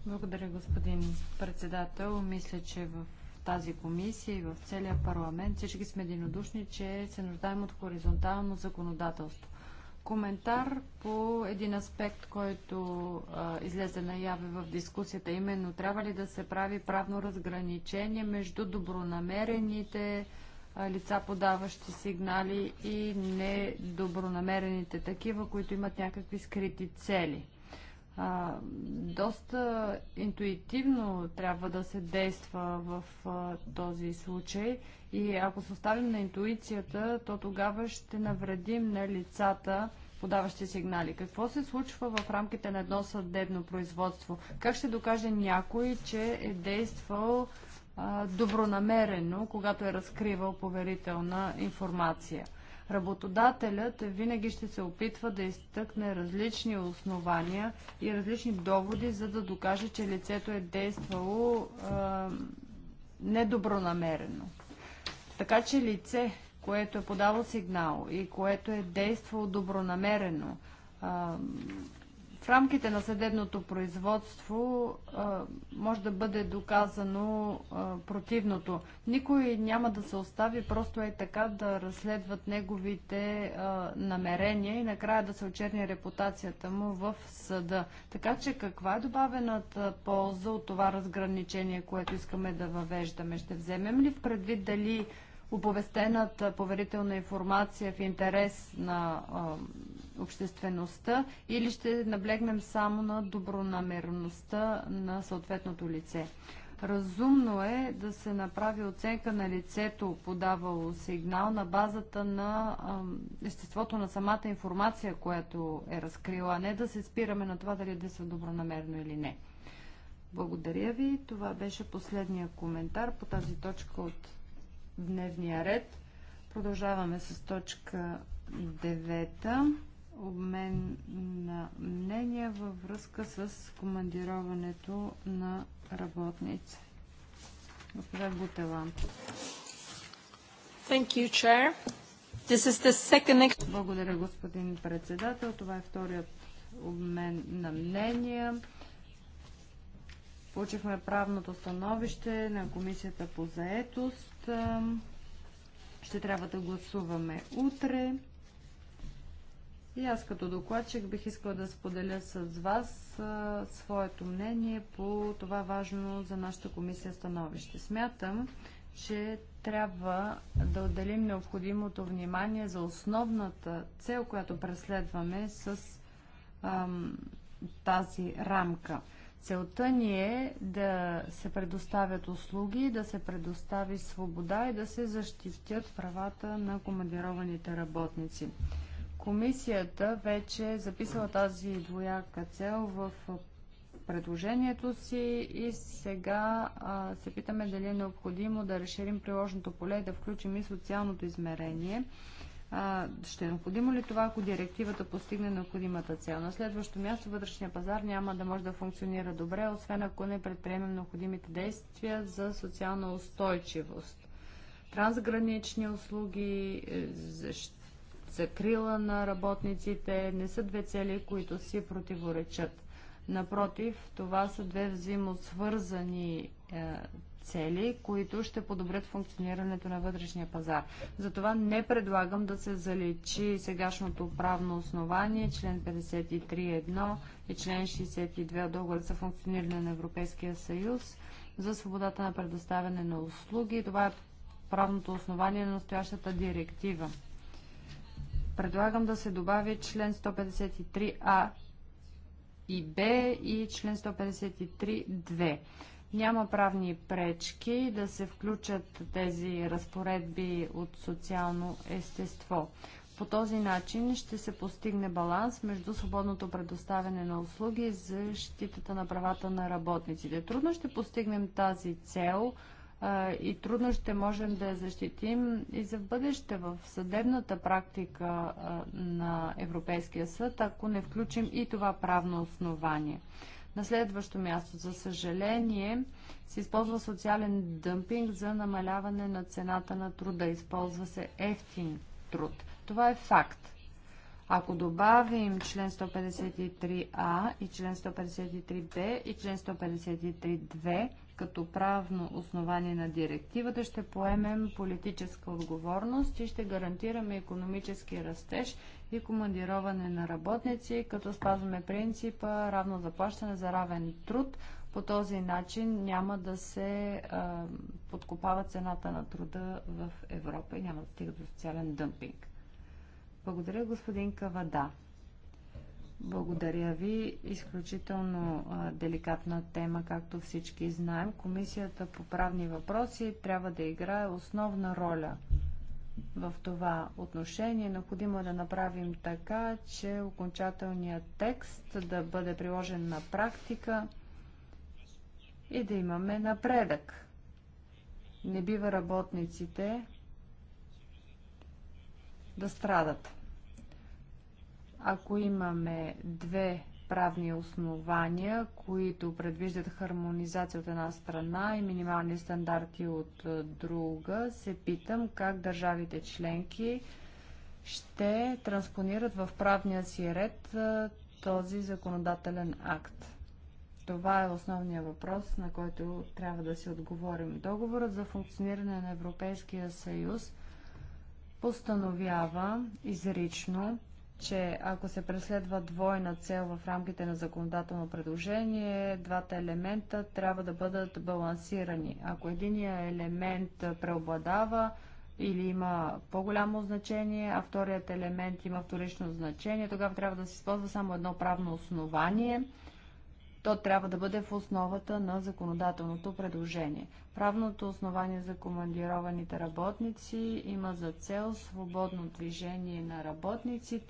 Благодаря, господин председател. Мисля, че в тази комисия и в целия парламент всички сме единодушни, че се нуждаем от хоризонтално законодателство. Коментар по един аспект, който а, излезе наяве в дискусията, именно трябва ли да се прави правно разграничение между добронамерените а, лица, подаващи сигнали и недобронамерените такива, които имат някакви скрити цели а, доста интуитивно трябва да се действа в а, този случай и ако се оставим на интуицията, то тогава ще навредим на лицата, подаващи сигнали. Какво се случва в рамките на едно съдебно производство? Как ще докаже някой, че е действал а, добронамерено, когато е разкривал поверителна информация? Работодателят винаги ще се опитва да изтъкне различни основания и различни доводи, за да докаже, че лицето е действало е, недобронамерено. Така че лице, което е подало сигнал и което е действало добронамерено, в рамките на съдебното производство а, може да бъде доказано а, противното. Никой няма да се остави просто е така да разследват неговите а, намерения и накрая да се очерни репутацията му в съда. Така че каква е добавената полза от това разграничение, което искаме да въвеждаме? Ще вземем ли в предвид дали оповестената поверителна информация в интерес на а, обществеността или ще наблегнем само на добронамерността на съответното лице. Разумно е да се направи оценка на лицето, подавало сигнал, на базата на а, естеството на самата информация, която е разкрила, а не да се спираме на това дали да са добронамерно или не. Благодаря ви. Това беше последния коментар по тази точка от дневния ред. Продължаваме с точка 9. Обмен на мнения във връзка с командироването на работници. Госпожа Бутелан. Thank you, Chair. This is the second... Благодаря, господин председател. Това е вторият обмен на мнения. Получихме правното становище на Комисията по заетост ще трябва да гласуваме утре. И аз като докладчик бих искала да споделя с вас а, своето мнение по това важно за нашата комисия становище. Смятам, че трябва да отделим необходимото внимание за основната цел, която преследваме с ам, тази рамка – Целта ни е да се предоставят услуги, да се предостави свобода и да се защитят правата на командированите работници. Комисията вече е записала тази двояка цел в предложението си и сега а, се питаме дали е необходимо да разширим приложното поле и да включим и социалното измерение – ще е необходимо ли това, ако директивата постигне необходимата цел? На следващо място вътрешния пазар няма да може да функционира добре, освен ако не предприемем необходимите действия за социална устойчивост. Трансгранични услуги, е, закрила на работниците не са две цели, които си противоречат. Напротив, това са две взаимосвързани е, цели, които ще подобрят функционирането на вътрешния пазар. Затова не предлагам да се заличи сегашното правно основание, член 53.1 и член 62 от договора за функциониране на Европейския съюз за свободата на предоставяне на услуги. Това е правното основание на настоящата директива. Предлагам да се добави член 153А и Б и член 2. Няма правни пречки да се включат тези разпоредби от социално естество. По този начин ще се постигне баланс между свободното предоставяне на услуги и защитата на правата на работниците. Трудно ще постигнем тази цел а, и трудно ще можем да я защитим и за бъдеще в съдебната практика а, на Европейския съд, ако не включим и това правно основание. На следващо място, за съжаление, се използва социален дъмпинг за намаляване на цената на труда. Използва се ефтин труд. Това е факт. Ако добавим член 153а и член 153б и член 153.2, като правно основание на директивата, ще поемем политическа отговорност и ще гарантираме економически растеж и командироване на работници, като спазваме принципа равно заплащане за равен труд. По този начин няма да се а, подкопава цената на труда в Европа и няма да стига до социален дъмпинг. Благодаря, господин Кавада. Благодаря ви. Изключително а, деликатна тема, както всички знаем. Комисията по правни въпроси трябва да играе основна роля в това отношение. Необходимо е да направим така, че окончателният текст да бъде приложен на практика и да имаме напредък. Не бива работниците да страдат. Ако имаме две правни основания, които предвиждат хармонизация от една страна и минимални стандарти от друга, се питам как държавите членки ще транспонират в правния си ред този законодателен акт. Това е основният въпрос, на който трябва да си отговорим. Договорът за функциониране на Европейския съюз постановява изрично, че ако се преследва двойна цел в рамките на законодателно предложение, двата елемента трябва да бъдат балансирани. Ако единия елемент преобладава или има по-голямо значение, а вторият елемент има вторично значение, тогава трябва да се използва само едно правно основание. То трябва да бъде в основата на законодателното предложение. Правното основание за командированите работници има за цел свободно движение на работниците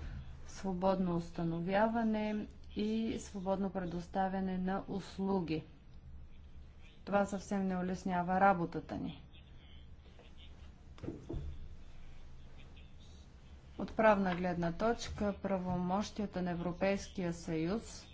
свободно установяване и свободно предоставяне на услуги. Това съвсем не улеснява работата ни. От правна гледна точка правомощията на Европейския съюз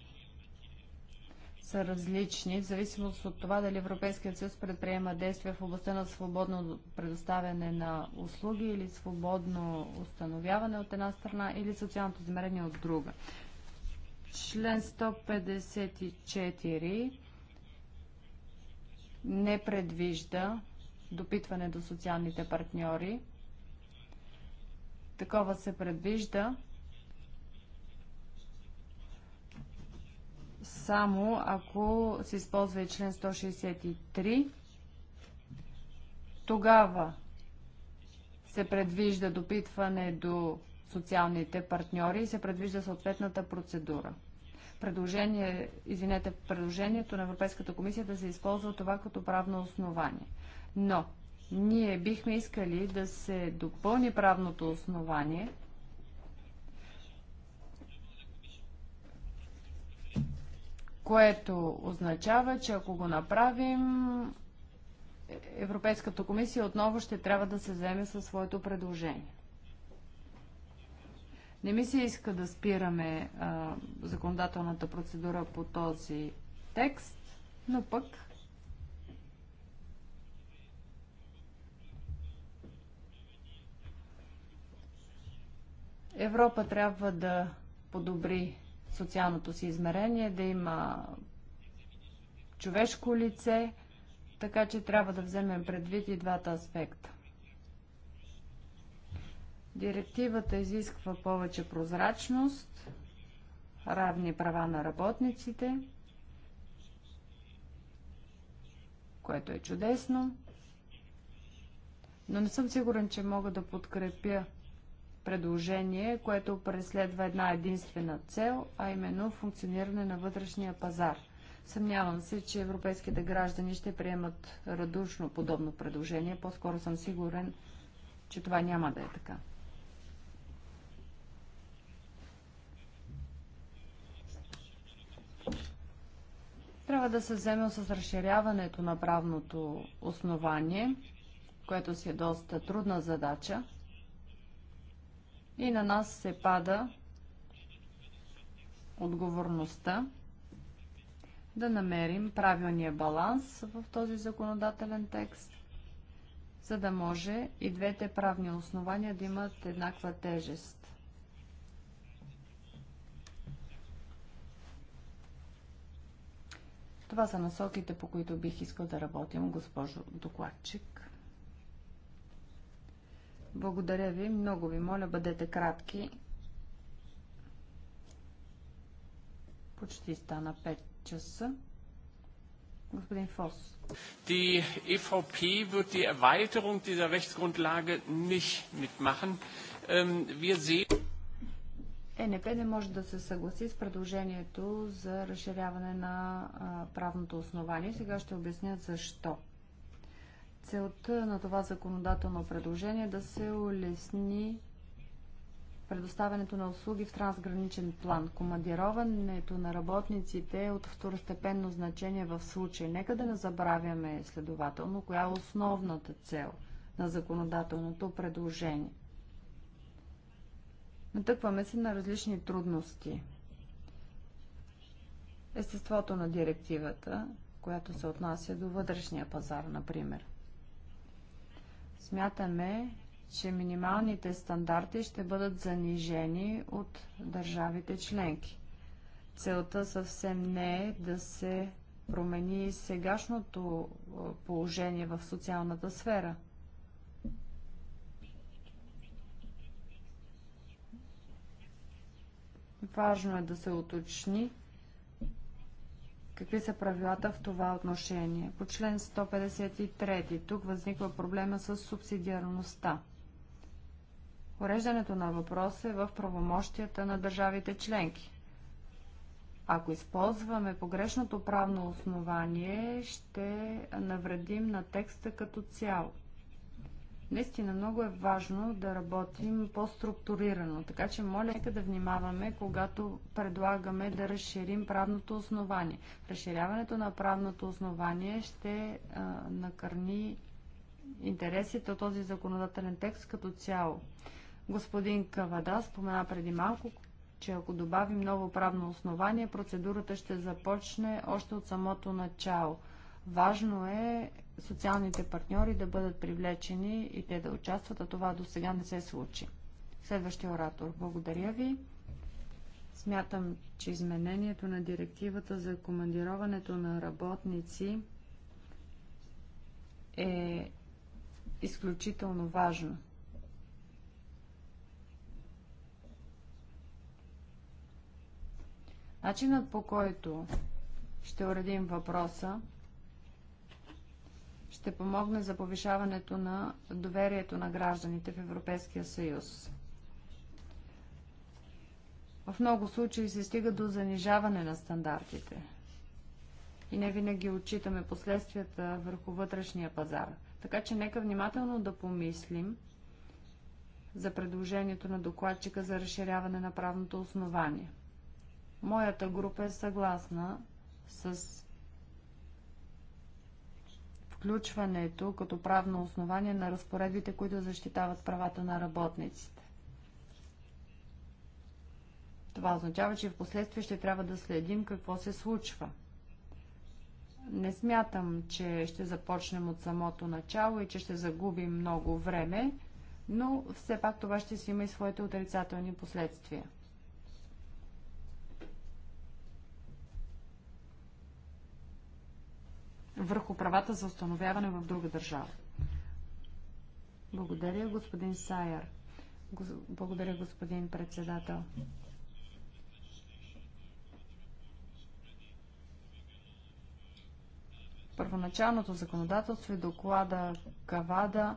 са различни, в зависимост от това дали Европейският съюз предприема действия в областта на свободно предоставяне на услуги или свободно установяване от една страна или социалното измерение от друга. Член 154 не предвижда допитване до социалните партньори. Такова се предвижда само ако се използва и член 163. Тогава се предвижда допитване до социалните партньори и се предвижда съответната процедура. Предложение, извинете, предложението на Европейската комисия да се използва това като правно основание. Но ние бихме искали да се допълни правното основание – което означава, че ако го направим, Европейската комисия отново ще трябва да се вземе със своето предложение. Не ми се иска да спираме а, законодателната процедура по този текст, но пък Европа трябва да подобри социалното си измерение, да има човешко лице, така че трябва да вземем предвид и двата аспекта. Директивата изисква повече прозрачност, равни права на работниците, което е чудесно, но не съм сигурен, че мога да подкрепя предложение, което преследва една единствена цел, а именно функциониране на вътрешния пазар. Съмнявам се, че европейските граждани ще приемат радушно подобно предложение. По-скоро съм сигурен, че това няма да е така. Трябва да се вземе с разширяването на правното основание, което си е доста трудна задача и на нас се пада отговорността да намерим правилния баланс в този законодателен текст, за да може и двете правни основания да имат еднаква тежест. Това са насоките, по които бих искал да работим, госпожо докладчик. Благодаря ви. Много ви моля, бъдете кратки. Почти стана 5 часа. Господин Фос. Die EVP wird die Erweiterung dieser Rechtsgrundlage nicht mitmachen. Ähm, wir sehen... ЕНП не може да се съгласи с предложението за разширяване на правното основание. Сега ще обясня защо. Целта на това законодателно предложение е да се улесни предоставянето на услуги в трансграничен план. Командироването на работниците е от второстепенно значение в случай. Нека да не забравяме следователно, коя е основната цел на законодателното предложение. Натъкваме се на различни трудности. Естеството на директивата, която се отнася до вътрешния пазар, например. Смятаме, че минималните стандарти ще бъдат занижени от държавите членки. Целта съвсем не е да се промени сегашното положение в социалната сфера. Важно е да се уточни, Какви са правилата в това отношение? По член 153 тук възниква проблема с субсидиарността. Уреждането на въпрос е в правомощията на държавите членки. Ако използваме погрешното правно основание, ще навредим на текста като цяло. Наистина много е важно да работим по-структурирано, така че моля нека да внимаваме, когато предлагаме да разширим правното основание. Разширяването на правното основание ще а, накърни интересите от този законодателен текст като цяло. Господин Кавада спомена преди малко, че ако добавим ново правно основание, процедурата ще започне още от самото начало. Важно е социалните партньори да бъдат привлечени и те да участват, а това до сега не се случи. Следващия оратор. Благодаря ви. Смятам, че изменението на директивата за командироването на работници е изключително важно. Начинът по който ще уредим въпроса ще помогне за повишаването на доверието на гражданите в Европейския съюз. В много случаи се стига до занижаване на стандартите и не винаги отчитаме последствията върху вътрешния пазар. Така че нека внимателно да помислим за предложението на докладчика за разширяване на правното основание. Моята група е съгласна с включването като правно основание на разпоредбите, които защитават правата на работниците. Това означава, че в последствие ще трябва да следим какво се случва. Не смятам, че ще започнем от самото начало и че ще загубим много време, но все пак това ще си има и своите отрицателни последствия. върху правата за установяване в друга държава. Благодаря, господин Сайер. Благодаря, господин председател. Първоначалното законодателство и доклада Кавада,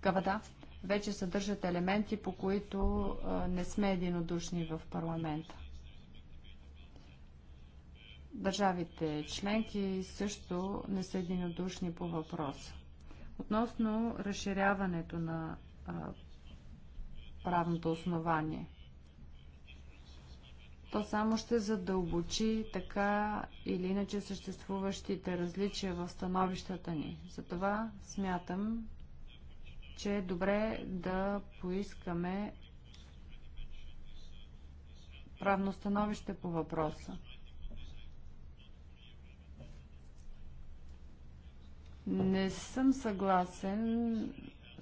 Кавада вече съдържат елементи, по които не сме единодушни в парламента. Държавите членки също не са единодушни по въпроса. Относно разширяването на а, правното основание, то само ще задълбочи така или иначе съществуващите различия в становищата ни. Затова смятам, че е добре да поискаме правно становище по въпроса. Не съм съгласен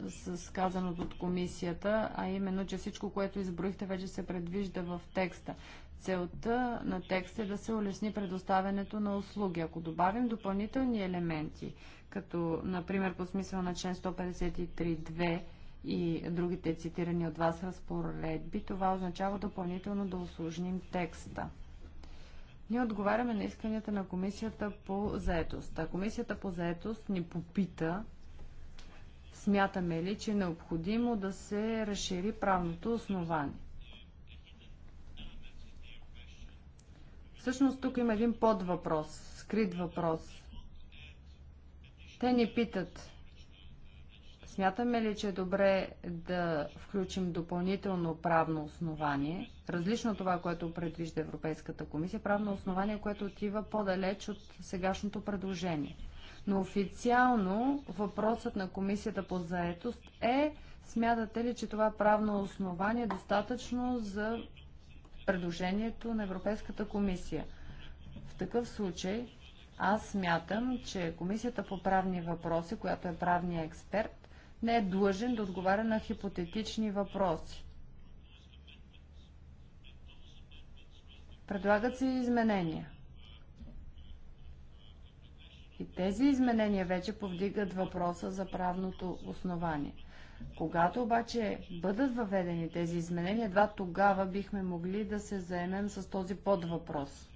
с казаното от комисията, а именно, че всичко, което изброихте, вече се предвижда в текста. Целта на текста е да се улесни предоставянето на услуги. Ако добавим допълнителни елементи, като, например, по смисъл на член 153.2 и другите цитирани от вас разпоредби, това означава допълнително да усложним текста. Ние отговаряме на исканията на комисията по заетост. А комисията по заетост ни попита, смятаме ли, че е необходимо да се разшири правното основание. Всъщност тук има един подвъпрос, скрит въпрос. Те ни питат, Смятаме ли, че е добре да включим допълнително правно основание, различно от това, което предвижда Европейската комисия, правно основание, което отива по-далеч от сегашното предложение? Но официално въпросът на комисията по заетост е смятате ли, че това правно основание е достатъчно за предложението на Европейската комисия? В такъв случай аз смятам, че Комисията по правни въпроси, която е правния експерт, не е длъжен да отговаря на хипотетични въпроси. Предлагат се изменения. И тези изменения вече повдигат въпроса за правното основание. Когато обаче бъдат въведени тези изменения, едва тогава бихме могли да се заемем с този подвъпрос.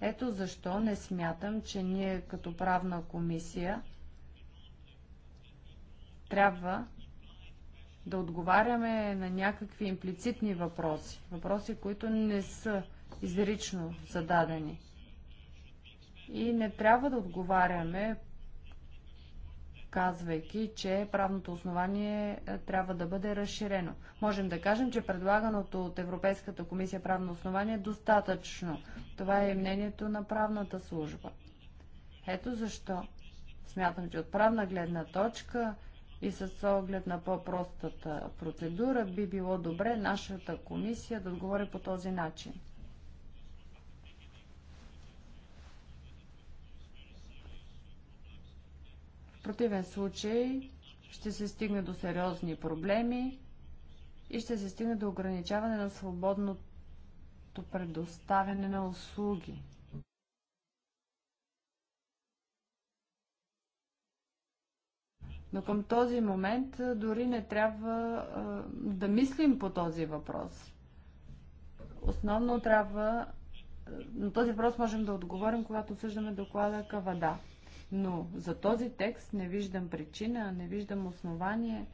Ето защо не смятам, че ние като правна комисия трябва да отговаряме на някакви имплицитни въпроси, въпроси, които не са изрично зададени. И не трябва да отговаряме, казвайки, че правното основание е, трябва да бъде разширено. Можем да кажем, че предлаганото от Европейската комисия правно основание е достатъчно. Това е мнението на правната служба. Ето защо смятам, че от правна гледна точка и с оглед на по-простата процедура би било добре нашата комисия да отговори по този начин. В противен случай ще се стигне до сериозни проблеми и ще се стигне до ограничаване на свободното предоставяне на услуги. Но към този момент дори не трябва а, да мислим по този въпрос. Основно трябва. На този въпрос можем да отговорим, когато обсъждаме доклада Кавада. Но за този текст не виждам причина, не виждам основание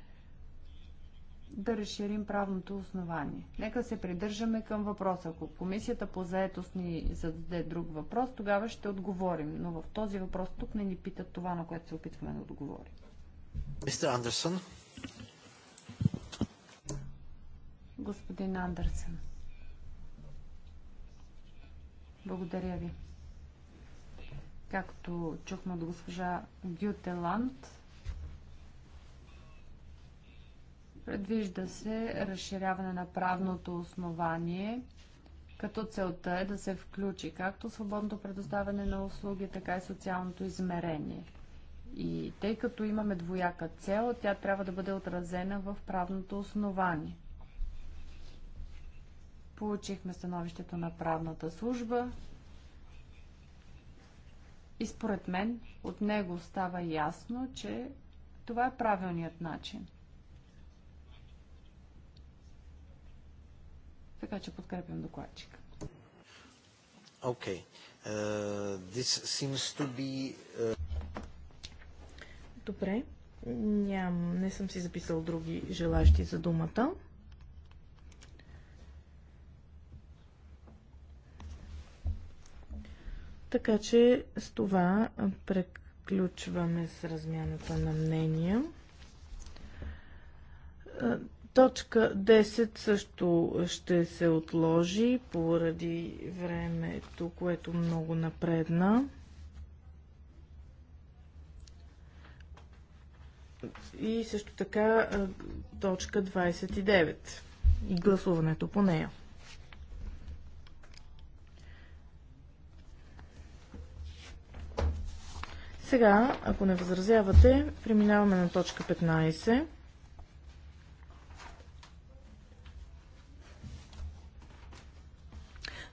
да разширим правното основание. Нека се придържаме към въпроса. Ако комисията по заетост ни зададе друг въпрос, тогава ще отговорим. Но в този въпрос тук не ни питат това, на което се опитваме да отговорим. Мистер Господин Андерсен. Благодаря ви. Както чухме от госпожа Гютеланд, предвижда се разширяване на правното основание, като целта е да се включи както свободното предоставяне на услуги, така и социалното измерение – и тъй като имаме двояка цел, тя трябва да бъде отразена в правното основание. Получихме становището на правната служба и според мен от него става ясно, че това е правилният начин. Така че подкрепям докладчика. Okay. Uh, this seems to be, uh... Добре. Ням, не съм си записал други желащи за думата. Така че с това преключваме с размяната на мнения. Точка 10 също ще се отложи поради времето, което много напредна. и също така точка 29 и гласуването по нея. Сега, ако не възразявате, преминаваме на точка 15.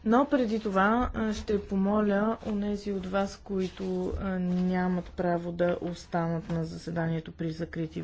Но преди това ще помоля онези от вас, които нямат право да останат на заседанието при закрити